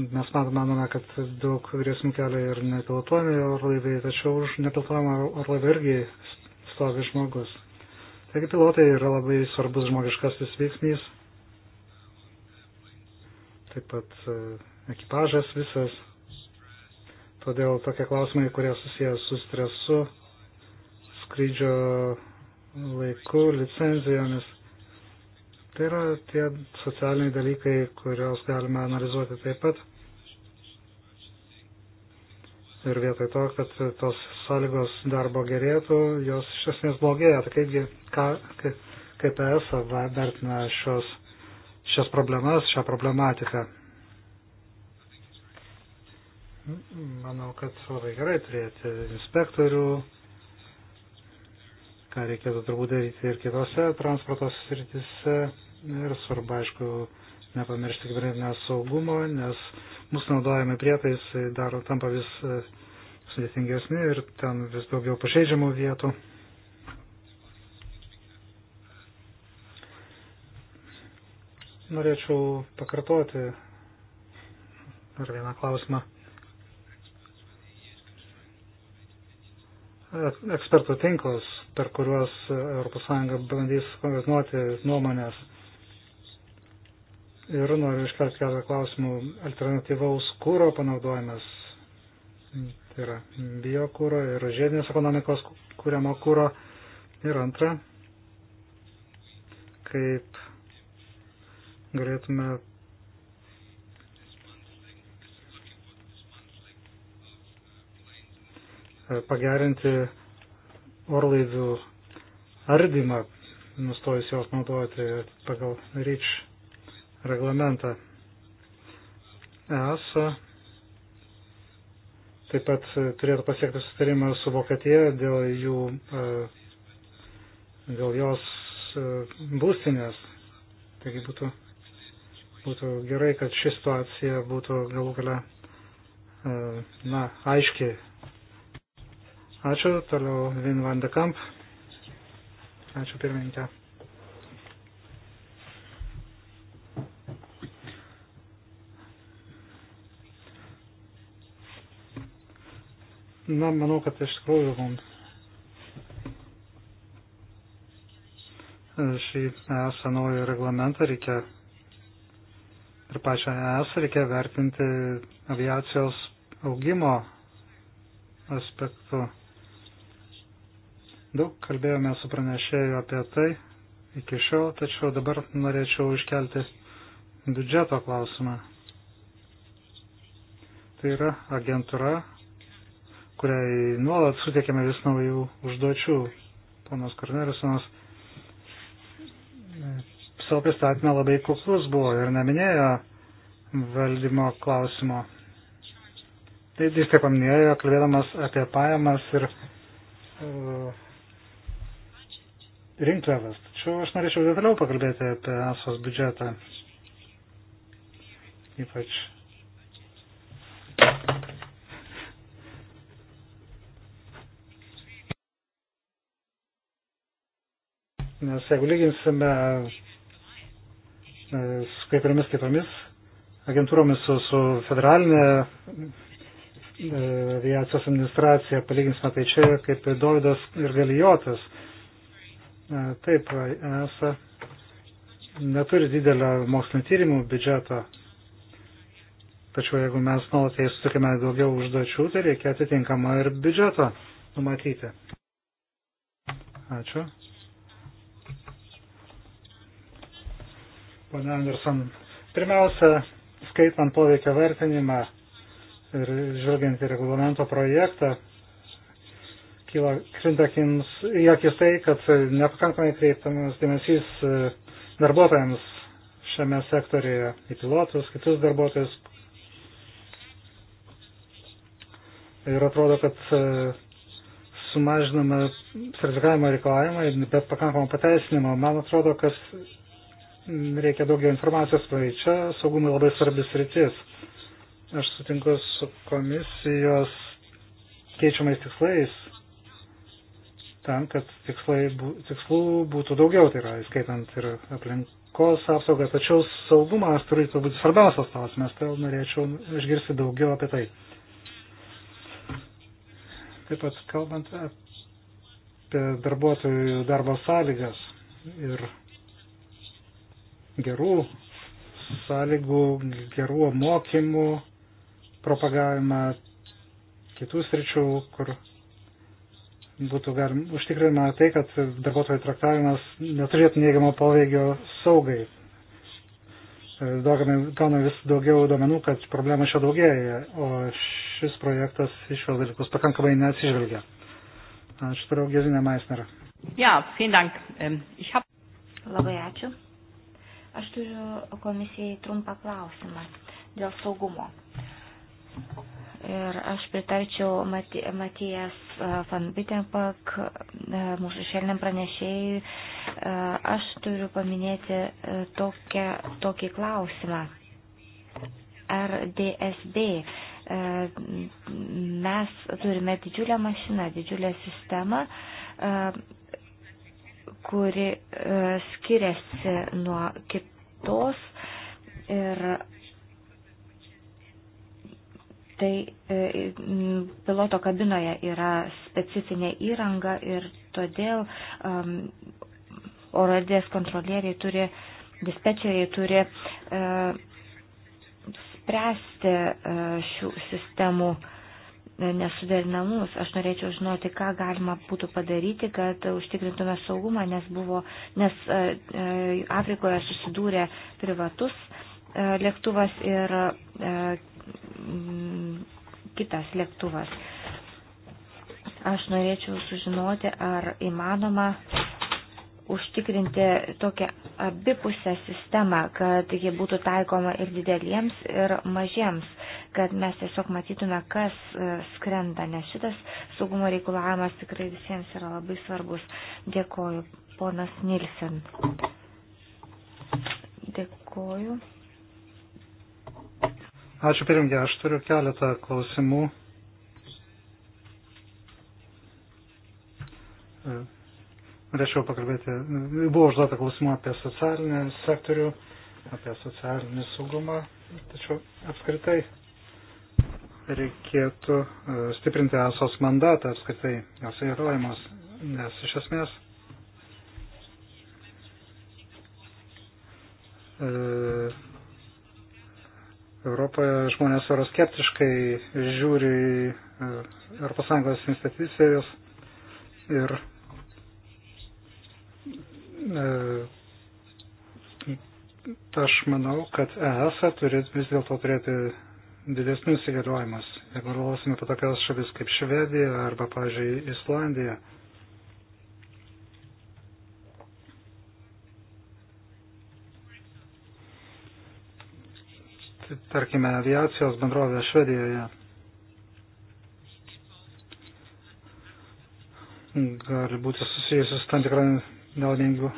mes manome, kad daug grėsmų kelia ir nepilotuojami orlaiviai, tačiau už nepilotuojamą orlaivį irgi stovi žmogus. Taigi pilotai yra labai svarbus žmogiškasis veiksnys, taip pat e, ekipažas visas. Todėl tokie klausimai, kurie susijęs su stresu, skrydžio laiku, licenzijomis, Tai yra tie socialiniai dalykai, kuriuos galime analizuoti taip pat. Ir vietoj to, kad tos sąlygos darbo gerėtų, jos iš esmės blogėja. Tai kaipgi ka, ka, KPS e vertina šios, šias problemas, šią problematiką. Manau, kad labai gerai turėti inspektorių, ką reikėtų turbūt daryti ir kitose transporto sritise Ir svarbu, aišku, nepamiršti kibernetinio saugumo, nes mūsų naudojami prietaisai daro tampa vis e, sudėtingesni ir ten vis daugiau pažeidžiamų vietų. Norėčiau pakartoti dar vieną klausimą. Ekspertų tinklas, per kuriuos ES bandys koordinuoti nuomonės Ir noriu iškart keletą klausimų. Alternatyvaus kūro panaudojimas, tai yra biokūro ir žiedinės ekonomikos kūriamo kūro. Ir antra, kaip galėtume pagerinti orlaivių ardymą, nustojus jos naudoti pagal REACH reglamentą. ESA taip pat e, turėtų pasiekti sutarimą su Vokietija dėl jų, e, dėl jos e, būstinės. Taigi būtų, būtų gerai, kad ši situacija būtų galų gale, na, aiški. Ačiū, toliau Vin van de Kamp. Ačiū pirmininkė. Na, manau, kad iš tikrųjų mums šį ES naują reglamentą reikia ir pačią ES reikia vertinti aviacijos augimo aspektu. Daug kalbėjome su pranešėju apie tai iki šiol, tačiau dabar norėčiau iškelti biudžeto klausimą. Tai yra agentūra, kuriai nuolat suteikiame vis naujų užduočių. Ponas Kornelisonas e, savo pristatymą labai kuklus buvo ir neminėjo valdymo klausimo. Tai jis tai paminėjo, kalbėdamas apie pajamas ir uh, e, rinkliavas. Tačiau aš norėčiau detaliau pakalbėti apie ASOS biudžetą. Ypač nes jeigu lyginsime e, su kai kuriamis kitomis agentūromis su, su federalinė e, aviacijos administracija, palyginsime tai čia kaip Dovydas ir Galijotas. E, taip, ESA neturi didelio mokslinio tyrimų biudžeto, tačiau jeigu mes nuolatai sutikime daugiau užduočių, tai reikia atitinkamą ir biudžetą numatyti. Ačiū. Pane Anderson, pirmiausia, skaitant poveikio vertinimą ir žvelgiant į reglamento projektą, kyla krintakins į akis tai, kad nepakankamai kreiptamas dėmesys e, darbuotojams šiame sektorėje, į pilotus, kitus darbuotojus. Ir atrodo, kad e, sumažiname sertifikavimo reikalavimą ir be pakankamo pateisinimo. Man atrodo, kad reikia daugiau informacijos, kai čia saugumai labai svarbis rytis. Aš sutinku su komisijos keičiamais tikslais, tam, kad tikslai, tikslų būtų daugiau, tai yra, skaitant ir aplinkos apsaugą, tačiau saugumas turėtų būti svarbiausias klausimas, tai norėčiau išgirsti daugiau apie tai. Taip pat kalbant apie darbuotojų darbo sąlygas ir gerų sąlygų, gerų mokymų propagavimą kitų sričių, kur būtų galim užtikrinama tai, kad darbuotojų traktavimas neturėtų neigiamo poveikio saugai. Gauname vis daugiau duomenų, kad problemų čia daugėja, o šis projektas iš šios dalykus pakankamai neatsižvelgia. Ačiū toliau, Gezinė Maisner. Ja, vielen Dank. Ähm, ich hab... Labai ačiū. Aš turiu komisijai trumpą klausimą dėl saugumo. Ir aš pritarčiau Matijas e, van Bitenpak, e, mūsų šiandien pranešėjai. E, aš turiu paminėti tokią, tokį klausimą. Ar DSB mes turime didžiulę mašiną, didžiulę sistemą kuri e, skiriasi nuo kitos ir tai e, piloto kabinoje yra specifinė įranga ir todėl oro erdvės kontrolieriai turi, dispečeriai turi e, spręsti šių sistemų nesuderinamus. Aš norėčiau žinoti, ką galima būtų padaryti, kad užtikrintume saugumą, nes, buvo, nes e, e, Afrikoje susidūrė privatus e, lėktuvas ir kitas lėktuvas. Aš norėčiau sužinoti, ar įmanoma užtikrinti tokią abipusę sistemą, kad ji būtų taikoma ir dideliems, ir mažiems, kad mes tiesiog matytume, kas e, skrenda, nes šitas saugumo reikalavimas tikrai visiems yra labai svarbus. Dėkoju, ponas Nilsen. Dėkoju. Ačiū pirmie, aš turiu keletą klausimų. E, norėčiau pakalbėti, buvo užduota klausimų apie socialinį sektorių, apie socialinį saugumą, tačiau apskritai reikėtų e, stiprinti ESOS mandatą apskritai, jos įrojimas, nes iš esmės e, Europoje žmonės euroskeptiškai žiūri į e, ES institucijas ir E, aš manau, kad ES turi vis dėlto turėti didesnius įgaliojimus. Jeigu galvosime apie tokias šalis kaip Švedija arba, pavyzdžiui, Islandija. Tai tarkime, aviacijos bendrovė Švedijoje gali būti susijusius tam tikrą dėl vingių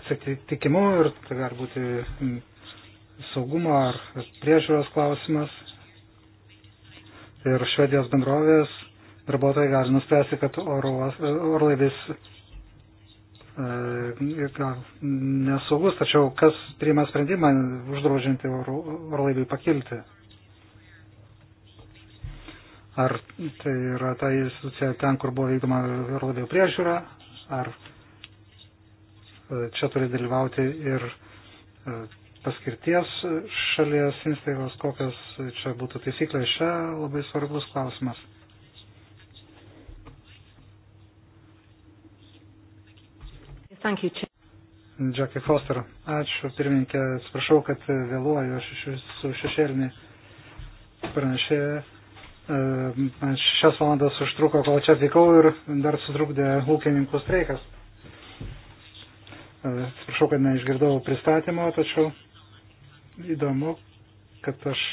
atsitikimu ir tai gali būti mm, saugumo ar priežiūros klausimas. Ir švedijos bendrovės darbuotojai gali nuspręsti, kad orlaivis e, gal nesaugus, tačiau kas priima sprendimą uždraužinti orlaiviui pakilti? Ar tai yra ta institucija ten, kur buvo vykdoma orlaivio priežiūra, ar e, čia turi dalyvauti ir e, paskirties šalies įstaigos, kokios čia būtų taisyklės, čia labai svarbus klausimas. Jackie Foster, ačiū pirmininkė, atsiprašau, kad vėluoju, aš su šešėlinį pranešėjai man ehm, šešias valandas užtruko, kol čia atvykau ir dar sutrukdė ūkininkų streikas. Ehm, atsiprašau, kad neišgirdau pristatymo, tačiau įdomu, kad aš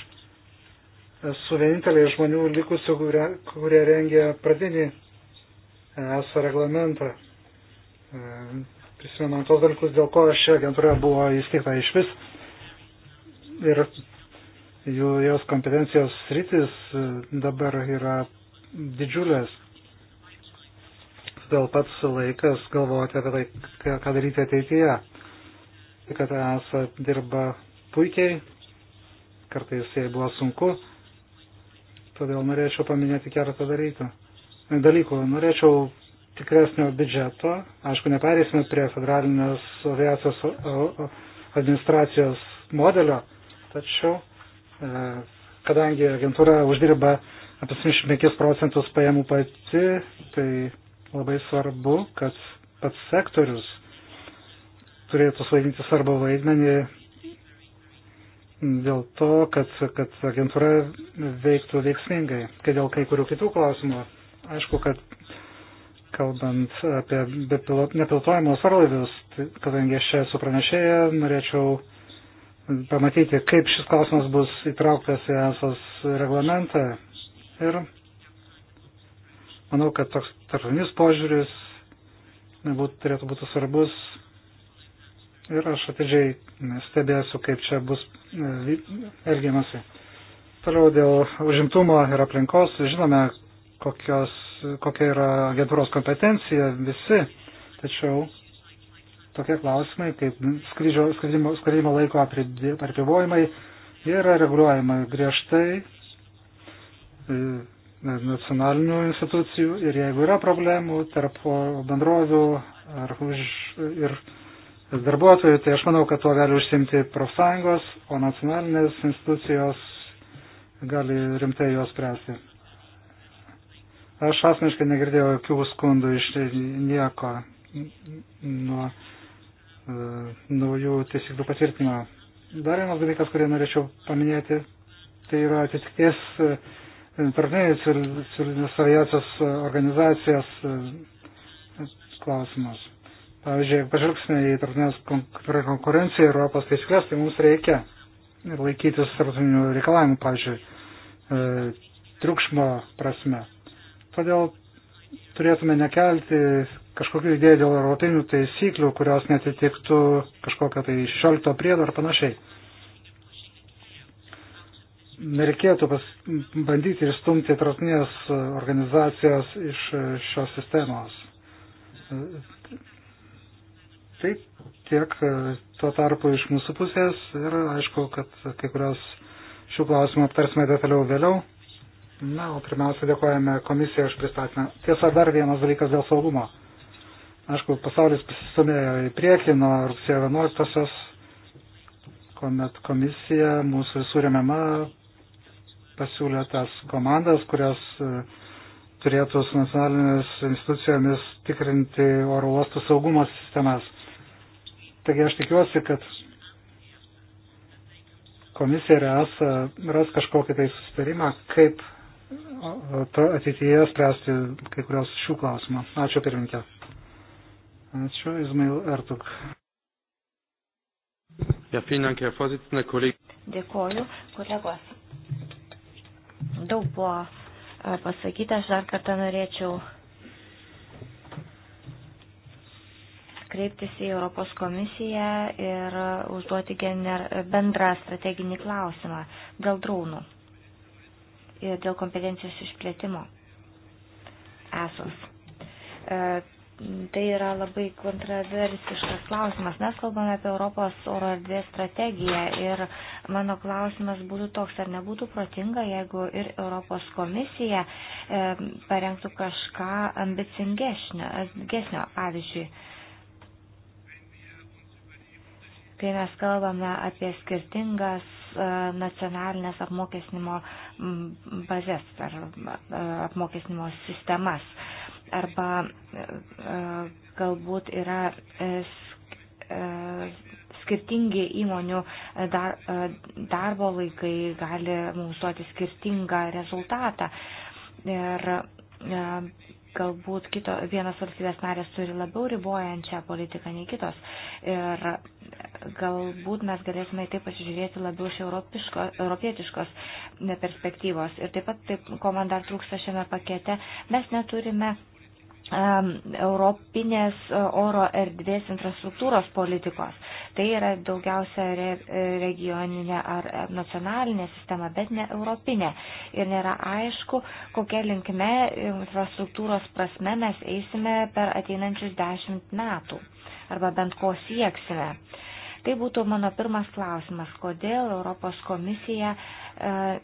esu vieninteliai žmonių likusių, kurie, kurie rengia pradinį ESA reglamentą. Ehm, prisimenu tos dalykus, dėl ko ši agentūra buvo įsteigta iš vis. Ir jų jos kompetencijos sritis e, dabar yra didžiulės. Todėl pats laikas galvoti apie tai, ką daryti ateityje. Tai kad ESA dirba puikiai, kartais jai buvo sunku, todėl norėčiau paminėti keletą dalykų. dalykų. Norėčiau tikresnio biudžeto, aišku, neperėsime prie federalinės aviacijos administracijos modelio, tačiau E, kadangi agentūra uždirba apie 75 procentus pajamų pati, tai labai svarbu, kad pats sektorius turėtų suvaidinti svarbą vaidmenį dėl to, kad, kad agentūra veiktų veiksmingai. Kai dėl kai kurių kitų klausimų, aišku, kad kalbant apie nepilot, nepilotuojamos orlaivius, tai kadangi aš čia esu pranešėję, norėčiau pamatyti, kaip šis klausimas bus įtrauktas į ESOS reglamentą. Ir manau, kad toks tarptautinis požiūris būt, turėtų būti svarbus. Ir aš atidžiai stebėsiu, kaip čia bus e, elgiamasi. Toliau dėl užimtumo ir aplinkos. Žinome, kokios, kokia yra agentūros kompetencija visi, tačiau tokie klausimai kaip skrydžio, skridimo, skridimo laiko apribojimai yra reguliuojama griežtai e, nacionalinių institucijų ir jeigu yra problemų tarp bendrovių ar už, ir darbuotojų, tai aš manau, kad tuo gali užsimti profsąjungos, o nacionalinės institucijos gali rimtai juos spręsti. Aš asmeniškai negirdėjau jokių skundų iš nieko nuo E, naujų taisyklių patvirtinimą. Dar vienas dalykas, kurį norėčiau paminėti, tai yra atitikties e, tarptautinės civilinės aviacijos organizacijos e, klausimas. Pavyzdžiui, jeigu pažvelgsime į tarptautinės konkurenciją ir Europos taisyklės, tai mums reikia laikytis tarptautinių reikalavimų, pavyzdžiui, triukšmo prasme. Todėl turėtume nekelti kažkokių idėjų dėl europinių taisyklių, kurios netitiktų kažkokio tai 16 priedo ar panašiai. Nereikėtų pas, bandyti išstumti trasnės organizacijos iš šios sistemos. Taip, tiek tuo tarpu iš mūsų pusės ir aišku, kad kai kurios šių klausimų aptarsime detaliau vėliau. Na, o pirmiausia, dėkojame komisijai už pristatymą. Tiesa, dar vienas dalykas dėl saugumo Aišku, pasaulis pasistumėjo į priekį nuo rugsėjo 11-osios, kuomet komisija mūsų visų remiama pasiūlė tas komandas, kurios e, turėtų su nacionalinėmis institucijomis tikrinti oro uostų saugumo sistemas. Taigi aš tikiuosi, kad komisija ir ES ras kažkokį tai susitarimą, kaip ateityje spręsti kai kurios šių klausimų. Ačiū pirmininkė. Ačiū, Izmail Artuk. Ja, Dank, Herr Vorsitzender, Kollege. Dėkoju, kolegos. Daug buvo e, pasakyta, aš dar kartą norėčiau kreiptis į Europos komisiją ir užduoti gener... bendrą strateginį klausimą dėl draunų ir dėl kompetencijos išplėtimo. Esos e, Tai yra labai kontroversiškas klausimas. Mes kalbame apie Europos oro erdvės strategiją ir mano klausimas būtų toks, ar nebūtų protinga, jeigu ir Europos komisija e, parengtų kažką ambicingesnio, pavyzdžiui. Kai mes kalbame apie skirtingas e, nacionalinės apmokesnimo bazės ar e, apmokesnimo sistemas arba e, e, galbūt yra e, skirtingi įmonių darbo laikai gali mums duoti skirtingą rezultatą. Ir galbūt kito, vienas valstybės narės turi labiau ribojančią politiką nei kitos. Ir galbūt mes galėsime į tai pasižiūrėti labiau iš europiško, europietiškos perspektyvos. Ir taip pat, taip, ko man dar trūksta šiame pakete, mes neturime Europinės e, oro erdvės infrastruktūros politikos. Tai yra daugiausia re, e, regioninė ar e, nacionalinė sistema, bet ne europinė. Ir nėra aišku, kokia linkme infrastruktūros prasme mes eisime per ateinančius dešimt metų arba bent ko sieksime. Tai būtų mano pirmas klausimas, kodėl Europos komisija e,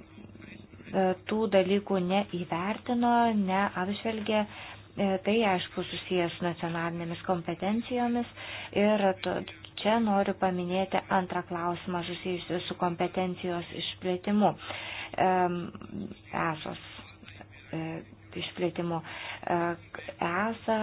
tų dalykų neįvertino, neapžvelgė E, tai aišku susijęs su nacionalinėmis kompetencijomis ir čia noriu paminėti antrą klausimą susijusiu su kompetencijos išplėtimu. Esos e, išplėtimo e, ESA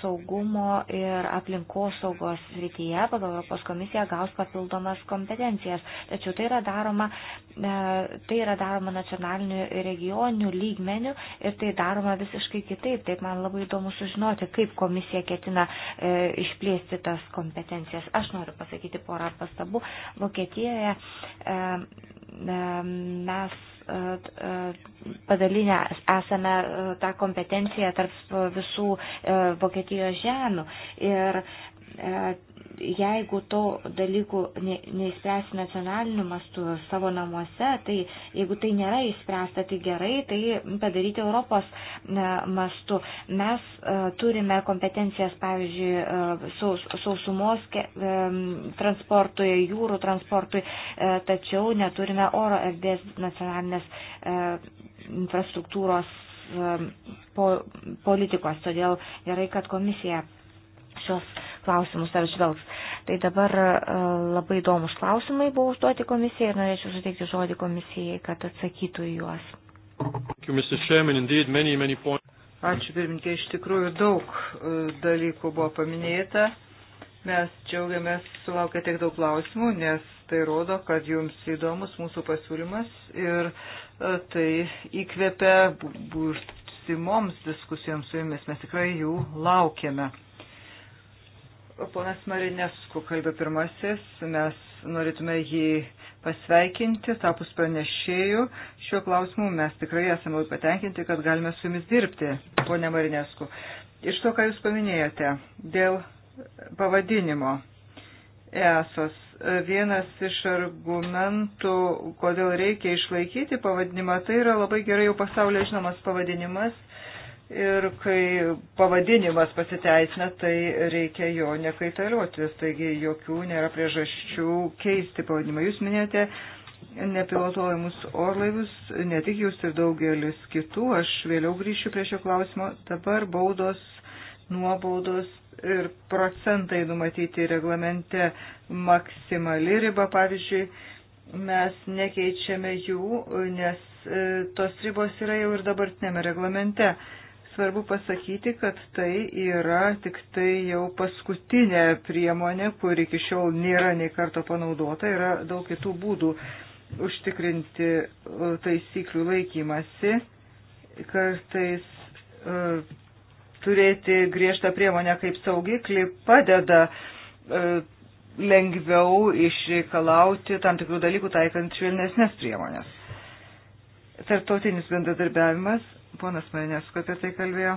saugumo ir aplinkosaugos srityje pagal Europos komisiją gaus papildomas kompetencijas. Tačiau tai yra daroma, e, tai yra daroma nacionaliniu ir regioniniu lygmeniu ir tai daroma visiškai kitaip. Taip man labai įdomu sužinoti, kaip komisija ketina e, išplėsti tas kompetencijas. Aš noriu pasakyti porą pastabų. Vokietijoje mes padalinę esame e, tą kompetenciją tarp visų e, Vokietijos žemių. Ir E, jeigu to dalykų neįspręs nacionaliniu mastu savo namuose, tai jeigu tai nėra įspręsta, tai gerai, tai padaryti Europos e, mastu. Mes e, turime kompetencijas, pavyzdžiui, saus, sausumos transportui, jūrų transportui, tačiau neturime oro erdvės nacionalinės infrastruktūros politikos. Todėl gerai, kad komisija šios klausimus apžvelgs. Tai dabar e, labai įdomus klausimai buvo užduoti komisijai ir norėčiau suteikti žodį komisijai, kad atsakytų į juos. Ačiū pirmininkė, iš tikrųjų daug e, dalykų buvo paminėta. Mes džiaugiamės sulaukę tiek daug klausimų, nes tai rodo, kad jums įdomus mūsų pasiūlymas ir e, tai įkvepia būsimoms diskusijoms su jumis. Mes tikrai jų laukiame. Ponas Marinesku kalbė pirmasis, mes norėtume jį pasveikinti, tapus pranešėjų. Šiuo klausimu mes tikrai esame labai patenkinti, kad galime su jumis dirbti, ponė Marinesku. Iš to, ką jūs paminėjote, dėl pavadinimo ESOS, vienas iš argumentų, kodėl reikia išlaikyti pavadinimą, tai yra labai gerai jau pasaulio žinomas pavadinimas Ir kai pavadinimas pasiteisina, tai reikia jo nekaitalioti, taigi jokių nėra priežasčių keisti pavadinimą. Jūs minėjote nepilotuojamus orlaivius, ne tik jūs ir daugelis kitų, aš vėliau grįšiu prie šio klausimo. Dabar baudos, nuobaudos ir procentai numatyti reglamente maksimali riba, pavyzdžiui, mes nekeičiame jų, nes e, tos ribos yra jau ir dabartinėme reglamente svarbu pasakyti, kad tai yra tik tai jau paskutinė priemonė, kur iki šiol nėra nei karto panaudota, yra daug kitų būdų užtikrinti e, taisyklių laikymasi, kartais uh, turėti griežtą priemonę kaip saugiklį padeda uh, lengviau išreikalauti tam tikrų dalykų taikant švelnesnės priemonės. Tartotinis bendradarbiavimas ponas Marinesko apie tai kalbėjo.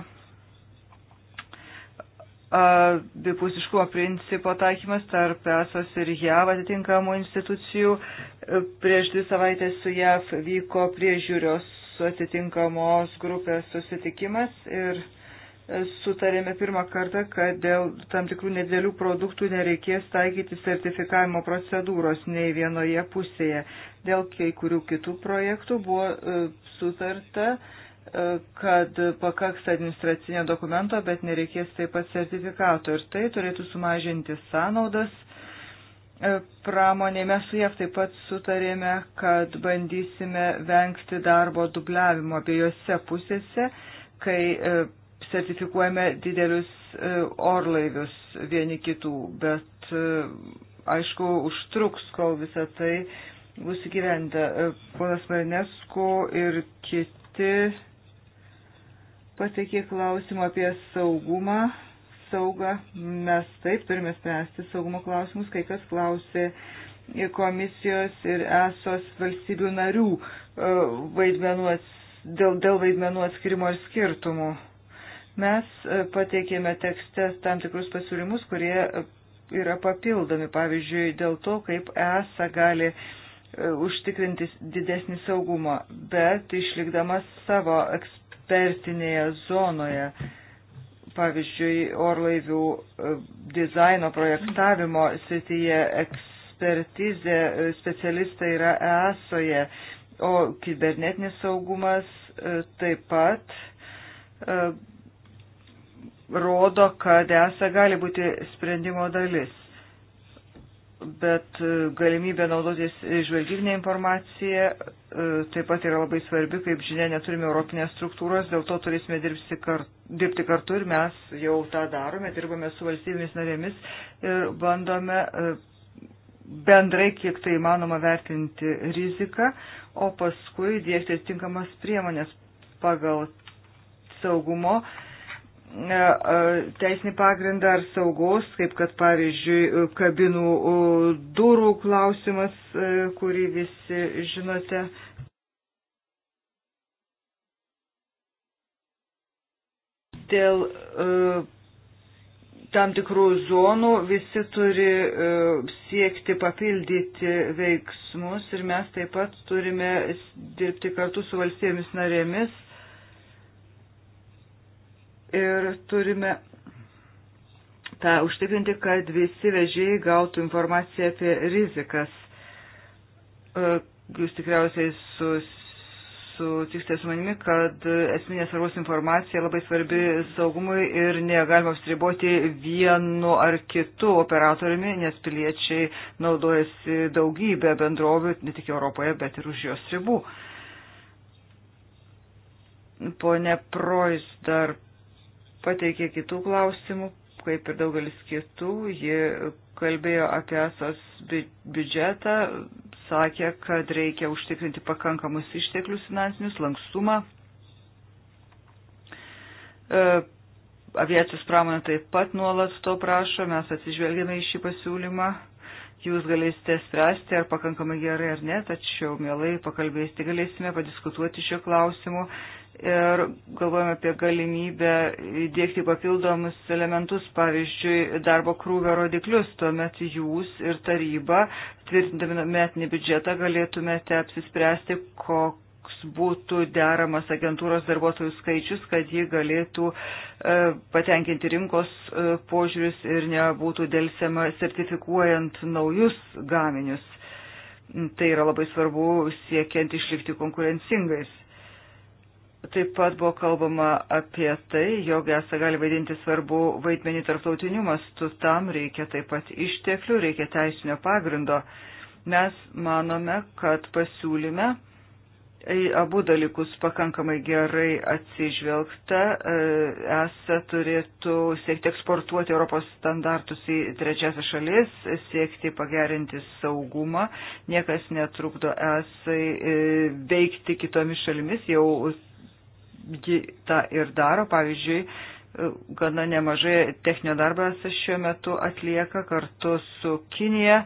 Bipusiškumo principo taikymas tarp ESOS ir JAV atitinkamų institucijų. E, prieš dvi savaitės su JAV vyko priežiūros atitinkamos grupės susitikimas ir e, sutarėme pirmą kartą, kad dėl tam tikrų nedėlių produktų nereikės taikyti sertifikavimo procedūros nei vienoje pusėje. Dėl kai kurių kitų projektų buvo e, sutarta kad pakaks administracinio dokumento, bet nereikės taip pat sertifikato ir tai turėtų sumažinti sąnaudas e, pramonė. Mes su JAV taip pat sutarėme, kad bandysime vengti darbo dubliavimo abiejose pusėse, kai e, sertifikuojame didelius e, orlaivius vieni kitų, bet aišku, užtruks, kol visą tai bus įgyventa. Ponas Marinesku ir kiti pateikė klausimą apie saugumą. Saugą mes taip turime spręsti saugumo klausimus, kai kas klausė komisijos ir esos valstybių narių e, vaidmenų, dėl, dėl vaidmenų atskirimo ir skirtumų. Mes e, pateikėme tekste tam tikrus pasiūlymus, kurie e, yra papildomi, pavyzdžiui, dėl to, kaip ESA gali užtikrinti didesnį saugumą, bet išlikdamas savo ekspertų ekspertinėje zonoje, pavyzdžiui, orlaivių e, dizaino projektavimo srityje ekspertizė e, specialistai yra ESOje, o kibernetinis saugumas e, taip pat rodo, kad ESA gali būti sprendimo dalis bet e, galimybė naudotis žvalgybinė informacija e, taip pat yra labai svarbi. Kaip žinia, neturime europinės struktūros, dėl to turėsime dirbti kartu, dirbti kartu ir mes jau tą darome, dirbame su valstybėmis narėmis ir bandome e, bendrai, kiek tai įmanoma, vertinti riziką, o paskui dėkti atitinkamas priemonės pagal saugumo uh, E, e, teisinį pagrindą ar saugos, kaip kad pavyzdžiui e, kabinų durų klausimas, kurį visi žinote. Dėl tam tikrų zonų visi turi siekti papildyti veiksmus ir mes taip pat turime dirbti kartu su valstybėmis narėmis ir turime tą užtikrinti, kad visi vežėjai gautų informaciją apie rizikas. E, jūs tikriausiai sutiksite su, su manimi, kad esminės svarbos informacija labai svarbi saugumui ir negalima apstriboti vienu ar kitu operatoriumi, nes piliečiai naudojasi daugybę bendrovių, ne tik Europoje, bet ir už jos ribų. Pone Prois dar pateikė kitų klausimų, kaip ir daugelis kitų. Ji kalbėjo apie esos biudžetą, sakė, kad reikia užtikrinti pakankamus išteklius finansinius, lankstumą. E, aviacijos pramonė taip pat nuolat to prašo, mes atsižvelgėme į šį pasiūlymą. Jūs galėsite spręsti, ar pakankamai gerai ar ne, tačiau mielai pakalbėsite, galėsime padiskutuoti šio klausimu ir galvojame apie galimybę įdėkti papildomus elementus, pavyzdžiui, darbo krūvio rodiklius, tuomet jūs ir taryba, tvirtindami metinį biudžetą, galėtumėte apsispręsti, koks būtų deramas agentūros darbuotojų skaičius, kad ji galėtų e, patenkinti rinkos e, požiūrius ir nebūtų dėlsiama sertifikuojant naujus gaminius. Tai yra labai svarbu siekiant išlikti konkurencingais Taip pat buvo kalbama apie tai, jog esą gali vaidinti svarbu vaidmenį tarptautiniu mastu, tam reikia taip pat išteklių, reikia teisinio pagrindo. Mes manome, kad pasiūlyme į abu dalykus pakankamai gerai atsižvelgta, e, esą turėtų siekti eksportuoti Europos standartus į trečiasią šalis, siekti pagerinti saugumą, niekas netrukdo esai e, veikti kitomis šalimis, jau ji tą ir daro. Pavyzdžiui, e, gana nemažai techninio darbą šiuo metu atlieka kartu su Kinija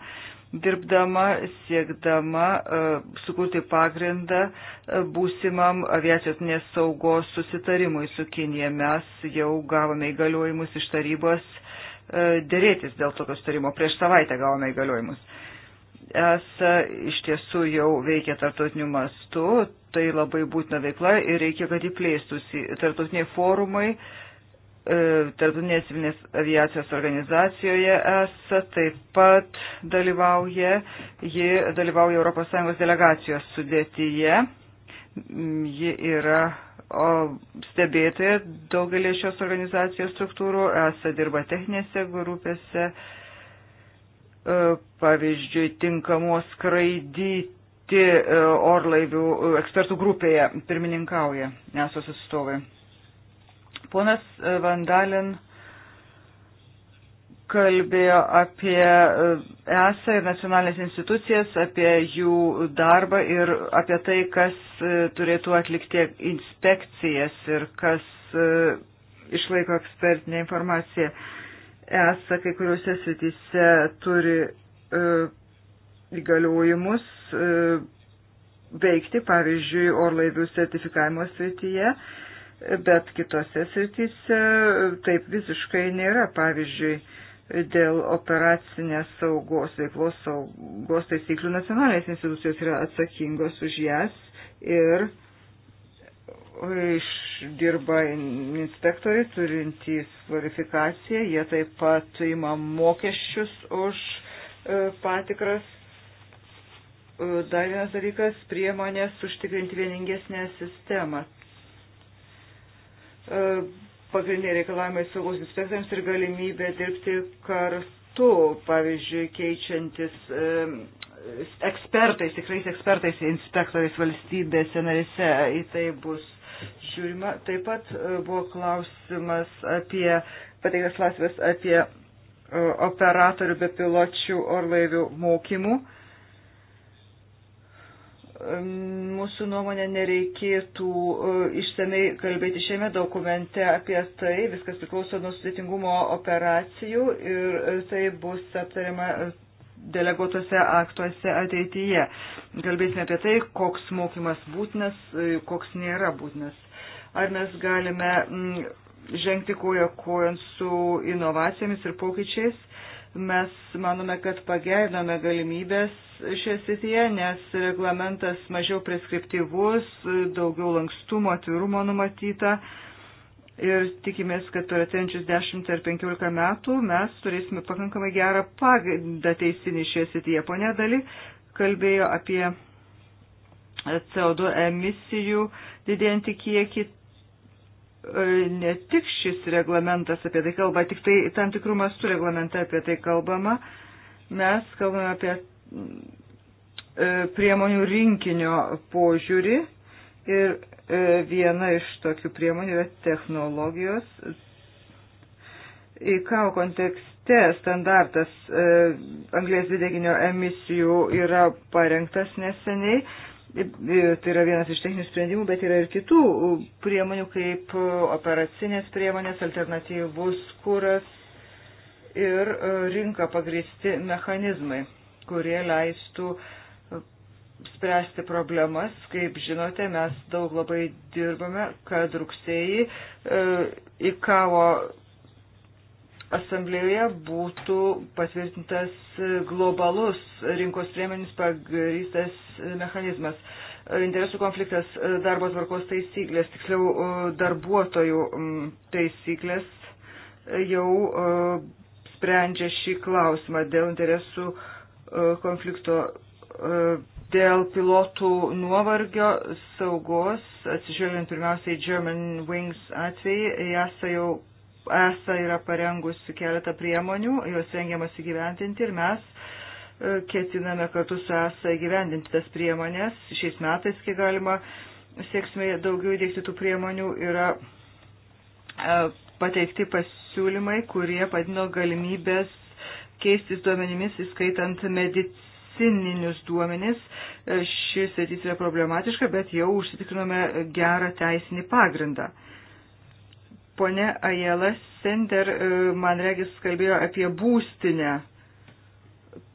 dirbdama, siekdama e, sukurti pagrindą e, būsimam aviacijos nesaugos susitarimui su Kinija. Mes jau gavome įgaliojimus iš tarybos dėrėtis dėl tokio sutarimo. Prieš savaitę gavome įgaliojimus. ESA iš tiesų jau veikia tarptautiniu mastu, tai labai būtina veikla ir reikia, kad įplėstųsi tarptautiniai forumai, e, tarptautinės civilinės aviacijos organizacijoje ESA taip pat dalyvauja, ji dalyvauja ES delegacijos sudėtyje, ji yra o stebėtoja daugelį šios organizacijos struktūrų, ESA dirba techninėse grupėse E, pavyzdžiui, tinkamos skraidyti e, orlaivių e, ekspertų grupėje pirmininkauja esos atstovai. Ponas Vandalin kalbėjo apie ESA ir nacionalinės institucijas, apie jų darbą ir apie tai, kas turėtų atlikti inspekcijas ir kas išlaiko ekspertinę informaciją esą kai kuriuose srityse turi e, įgaliojimus e, veikti, pavyzdžiui, orlaivių sertifikavimo srityje, bet kitose srityse taip visiškai nėra, pavyzdžiui, dėl operacinės saugos, veiklos saugos taisyklių nacionalinės institucijos yra atsakingos už jas ir e, išdirba inspektoriai turintys kvalifikaciją, jie taip pat ima mokesčius už e, patikras. E, dar vienas dalykas - priemonės užtikrinti vieningesnę sistemą. E, pagrindiniai reikalavimai saugos inspektoriams ir galimybė dirbti kartu, pavyzdžiui, keičiantis ekspertais, tikrais ekspertais, inspektoriais valstybėse narėse. Į tai bus žiūrima. Taip pat e, buvo klausimas apie, pateiktas klausimas apie e, operatorių bepiločių orlaivių mokymų. E, mūsų nuomonė nereikėtų išsamei kalbėti šiame dokumente apie tai, viskas priklauso nuo sudėtingumo operacijų ir tai bus aptariama deleguotose aktuose ateityje. Kalbėsime apie tai, koks mokymas būtinas, koks nėra būtinas. Ar mes galime mm, žengti kojo kojant su inovacijomis ir pokyčiais. Mes manome, kad pagerinome galimybės šioje srityje, nes reglamentas mažiau preskriptyvus, daugiau lankstumo, atvirumo numatyta ir tikimės, kad per atenčius 10 ar 15 metų mes turėsime pakankamai gerą pagrindą teisinį šioje srityje. Pone Dali kalbėjo apie CO2 emisijų didėjantį kiekį. E, ne tik šis reglamentas apie tai kalba, tik tai tam tikrų mastų reglamente apie tai kalbama. Mes kalbame apie e, priemonių rinkinio požiūrį ir E, viena iš tokių priemonių yra technologijos. Į ką kontekste standartas e, anglės dvideginio emisijų yra parengtas neseniai. E, tai yra vienas iš techninių sprendimų, bet yra ir kitų priemonių, kaip operacinės priemonės, alternatyvus kuras ir rinka pagristi mechanizmai, kurie leistų uh, spręsti problemas. Kaip žinote, mes daug labai dirbame, kad rugsėjį į e, kavo asamblėje būtų patvirtintas globalus rinkos priemenis pagrystas mechanizmas. E, interesų konfliktas e, darbo tvarkos taisyklės, tiksliau darbuotojų taisyklės jau sprendžia šį klausimą dėl interesų konflikto Dėl pilotų nuovargio saugos, atsižiūrint pirmiausiai German Wings atvejį, ESA jau ESA yra parengusi keletą priemonių, jos rengiamas įgyventinti ir mes e, ketiname kartu su ESA įgyvendinti tas priemonės. Šiais metais, kai galima, sieksime daugiau įdėkti tų priemonių, yra e, pateikti pasiūlymai, kurie padino galimybės keistis duomenimis, įskaitant mediciną medicininius duomenis. E, Šis sėtis yra problematiška, bet jau užsitikrinome gerą teisinį pagrindą. Pone Ajela Sender, e, man regis, kalbėjo apie būstinę.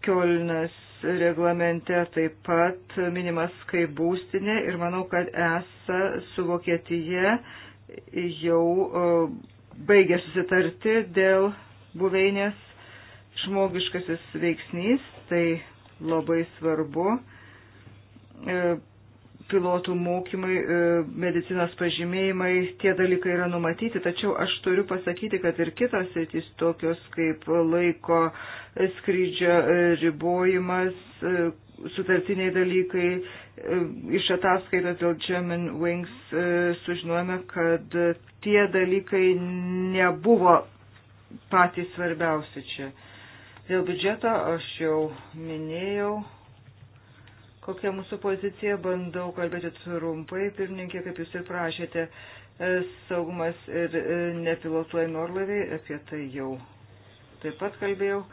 Kiolnas reglamente taip pat minimas kaip būstinė ir manau, kad esą su Vokietija jau e, baigė susitarti dėl buveinės žmogiškasis veiksnys, tai labai svarbu. E, pilotų mokymai, e, medicinos pažymėjimai, tie dalykai yra numatyti, tačiau aš turiu pasakyti, kad ir kitos sritys tokios kaip laiko skrydžio e, ribojimas, sutartiniai dalykai, iš ataskaitos dėl German Wings sužinojame, kad tie dalykai nebuvo patys svarbiausi čia. Dėl biudžeto aš jau minėjau, kokia mūsų pozicija, bandau kalbėti trumpai, pirmininkė, kaip jūs ir prašėte, e, saugumas ir e, nepilotuojami orlaiviai, apie tai jau taip pat kalbėjau.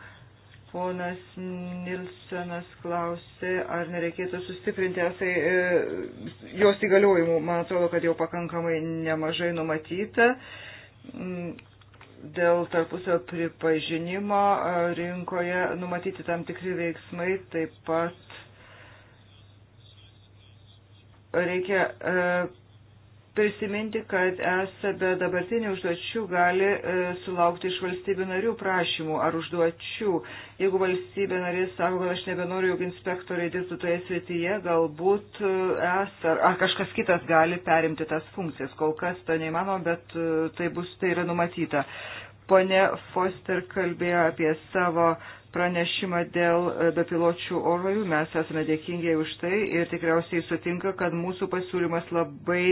Ponas Nilsenas klausė, ar nereikėtų sustiprinti esai, e, jos įgaliojimų. Man atrodo, kad jau pakankamai nemažai numatyta. Mm, dėl tarpusio pripažinimo rinkoje numatyti tam tikri veiksmai, taip pat reikia prisiminti, kad esą be dabartinių užduočių gali e, sulaukti iš valstybių narių prašymų ar užduočių. Jeigu valstybė narės sako, kad aš nebenoriu, jog inspektoriai dirbtų toje srityje, galbūt e, esą ar, ar kažkas kitas gali perimti tas funkcijas. Kol kas to neįmanoma, bet e, tai, bus, tai yra numatyta. Pone Foster kalbėjo apie savo pranešimą dėl e, bepiločių orlaivių. Mes esame dėkingi už tai ir tikriausiai sutinka, kad mūsų pasiūlymas labai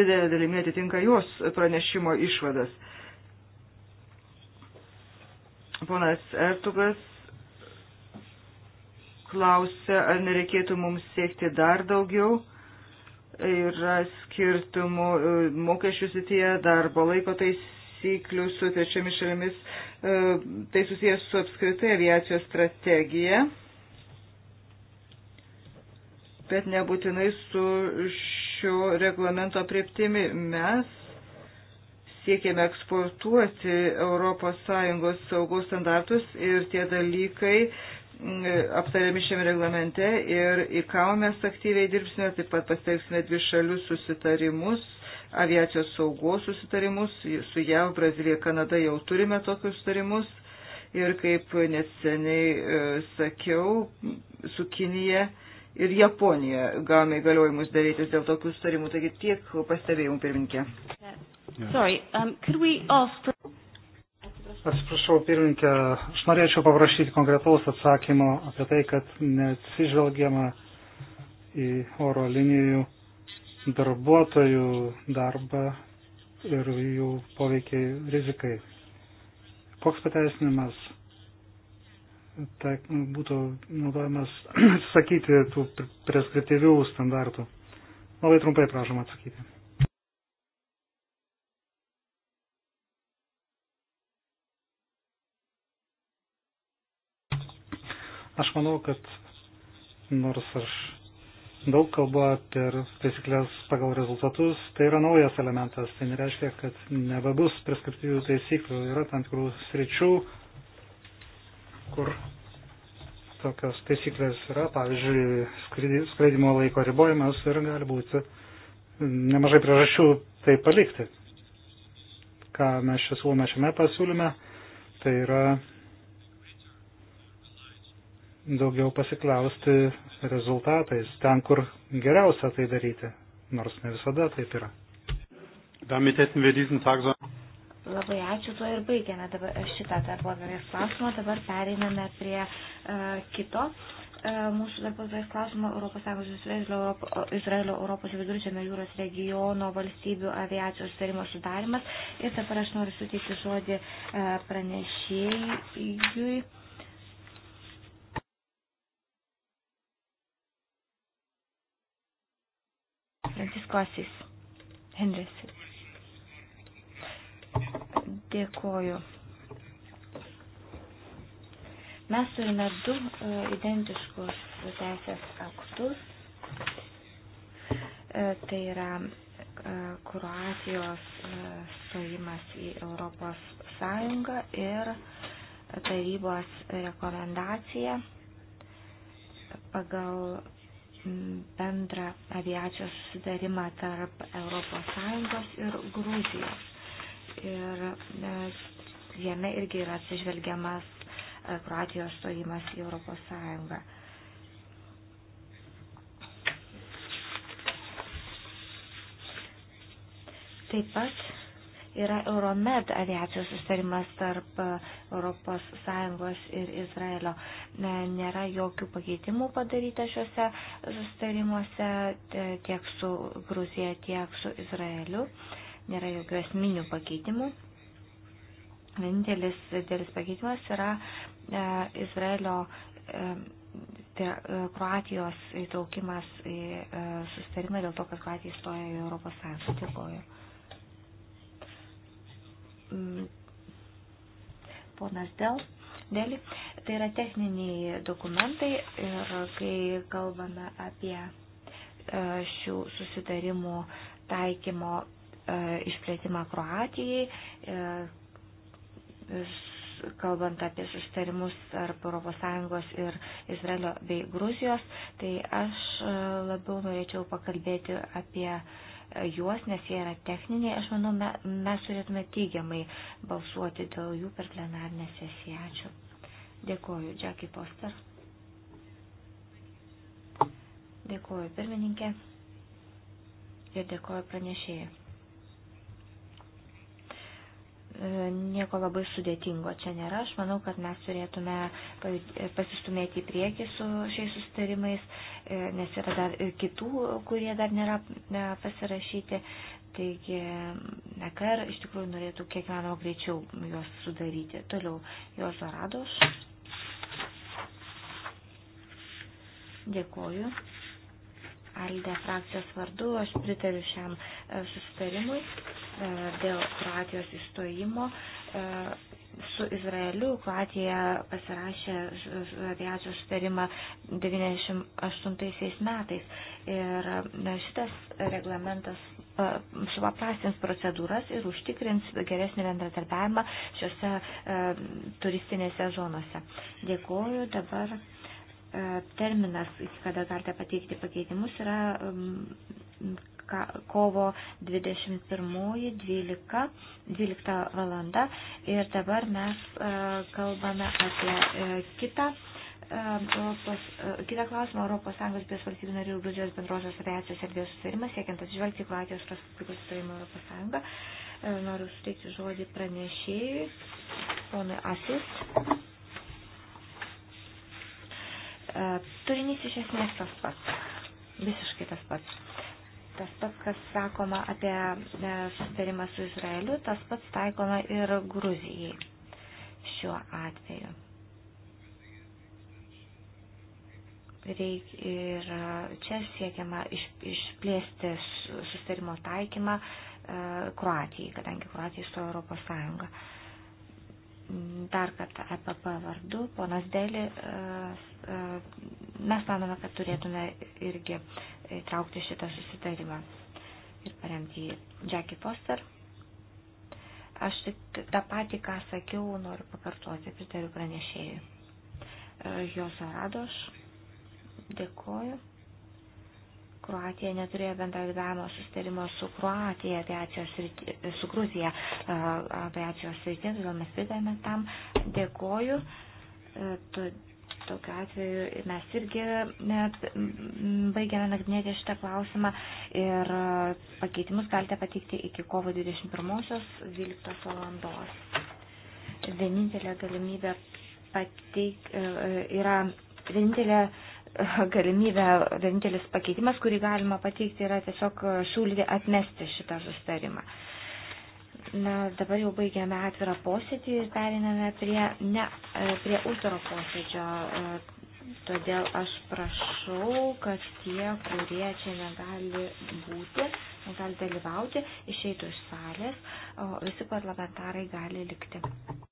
didelė dalimi atitinka jos pranešimo išvadas. Ponas Ertugas klausia, ar nereikėtų mums siekti dar daugiau. Yra skirtumų e, mokesčių sityje, darbo laiko taisyklės taisyklių su trečiomis šalimis, e, tai susijęs su apskritai aviacijos strategija, bet nebūtinai su šio reglamento prieptimi. Mes siekėme eksportuoti ES saugos standartus ir tie dalykai aptariami šiame reglamente ir į ką mes aktyviai dirbsime, taip pat pasitelksime dvi šalių susitarimus aviacijos saugos susitarimus. Su JAV, Brazilija, Kanada jau turime tokius susitarimus. Ir kaip neseniai e, sakiau, su Kinija ir Japonija gavome įgaliojimus darytis dėl tokių sutarimų. Taigi tiek pastebėjimų pirminkė. Sorry, um, ask... Atsiprašau, pirminkė, aš norėčiau paprašyti konkretaus atsakymo apie tai, kad neatsižvelgiama į oro linijų darbuotojų darbą ir jų poveikiai rizikai. Koks pateisinimas tai būtų naudojamas atsisakyti tų preskriptyvių standartų? Labai trumpai prašom atsakyti. Aš manau, kad nors aš daug kalba per taisyklės pagal rezultatus, tai yra naujas elementas. Tai nereiškia, kad nebebus preskriptyvių taisyklių. Yra tam tikrų sričių, kur tokios taisyklės yra, pavyzdžiui, skraidimo laiko ribojimas ir gali būti nemažai priežasčių tai palikti. Ką mes čia siūlome šiame pasiūlyme, tai yra daugiau pasiklausti rezultatais, ten, kur geriausia tai daryti, nors ne visada taip yra. Damit hätten wir diesen Tag so. Labai ačiū, tuo ir baigiame dabar šitą darbo atvarės klausimą. Dabar pereiname prie uh, kito uh, mūsų darbo atvarės klausimo Europos Sąjungos Izraelio, Europo, Izraelio Europos viduržėmio jūros regiono valstybių aviacijos sutarimo sudarimas. Ir dabar aš noriu suteikti žodį uh, pranešėjui. Klasis. Henris. Dėkoju. Mes turime du e, identiškus teisės aktus. E, tai yra e, Kroatijos stojimas į Europos Sąjungą ir tarybos rekomendacija pagal bendrą aviacijos sudarimą tarp ES ir Gruzijos. Ir e, jame irgi yra atsižvelgiamas e, Kroatijos stojimas į ES. Taip pat yra Euromed aviacijos sustarimas tarp ES ir Izraelio. Nėra jokių pakeitimų padaryta šiuose sustarimuose tiek su Gruzija, tiek su Izraeliu. Nėra jokių esminių pakeitimų. Vienintelis didelis pakeitimas yra e, Izraelio, e, tai yra e, Kroatijos įtraukimas į e, sustarimą dėl to, kad Kroatija įstojo į Europos Sąjungą. Dėkuoju. Mm. ponas Del. Deli. Tai yra techniniai dokumentai ir kai kalbame apie e, šių susitarimų taikymo e, išplėtimą Kroatijai, e, kalbant apie susitarimus tarp ES ir Izraelio bei Gruzijos, tai aš labiau norėčiau pakalbėti apie uh, juos, nes jie yra techniniai, aš manau, me, mes turėtume teigiamai balsuoti dėl jų per plenarnę sesiją. Ačiū. Dėkoju, Jackie Poster. Dėkoju pirmininkė ir dėkoju pranešėjai. E, nieko labai sudėtingo čia nėra. Aš manau, kad mes turėtume e, pasistumėti į priekį su šiais sustarimais, e, nes yra dar ir kitų, kurie dar nėra pasirašyti. Taigi, nekar iš tikrųjų norėtų kiek manau greičiau juos sudaryti. Toliau, juos rados. Dėkuoju. Alde frakcijos vardu aš pritariu šiam e, susitarimui e, dėl Kroatijos įstojimo e, su Izraeliu Kroatija pasirašė aviacijos sutarimą 98 metais. Ir šitas reglamentas supaprastins procedūras ir užtikrins geresnį bendradarbiavimą šiuose turistinėse zonose. Dėkuoju dabar E, terminas, iki kada galite pateikti pakeitimus, yra kovo 21.12 valanda. Ir dabar mes e, kalbame apie e, kitą. Europos, kitą klausimą Europos Sąjungos bei valstybių narių Gruzijos bendrosios aviacijos erdvės susitarimas, siekiant atsižvelgti Kroatijos Respublikos sutarimą Europos Sąjungą. Noriu suteikti žodį pranešėjui, ponui Asis. E, turinys iš esmės tas pats. Visiškai tas pats. Tas pats, kas sakoma apie e, susitarimą su Izraeliu, tas pats taikoma ir Gruzijai šiuo atveju. Reik, ir e, čia siekiama iš, išplėsti susitarimo taikymą Kroatijai, kadangi Kroatija įstojo Europos Sąjungą. Uh, dar kartą EPP vardu, ponas Dėlį, e, e, mes manome, kad turėtume irgi įtraukti šitą susitarimą ir paremti jį. Jackie Foster. Aš tik tą patį, ką sakiau, noriu pakartoti, pritariu pranešėjui. E, Jos Aradoš, dėkoju. Kroatija neturėjo bendradarbiavimo sustarimo su Kroatija, aviacijos rytį, su Gruzija aviacijos srityje, todėl mes pritarėme tam. Dėkoju. E, tokiu atveju mes irgi baigėme nagrinėti šitą klausimą ir pakeitimus galite pateikti iki kovo 21.12 valandos. Vienintelė galimybė pateik, e, e, yra vienintelė galimybę, vienintelis pakeitimas, kurį galima pateikti, yra tiesiog siūlyti atmesti šitą sustarimą. Na, dabar jau baigiame atvirą posėdį ir periname prie, ne, prie uždaro posėdžio. Todėl aš prašau, kad tie, kurie čia negali būti, negali dalyvauti, išeitų iš salės, o visi parlamentarai gali likti.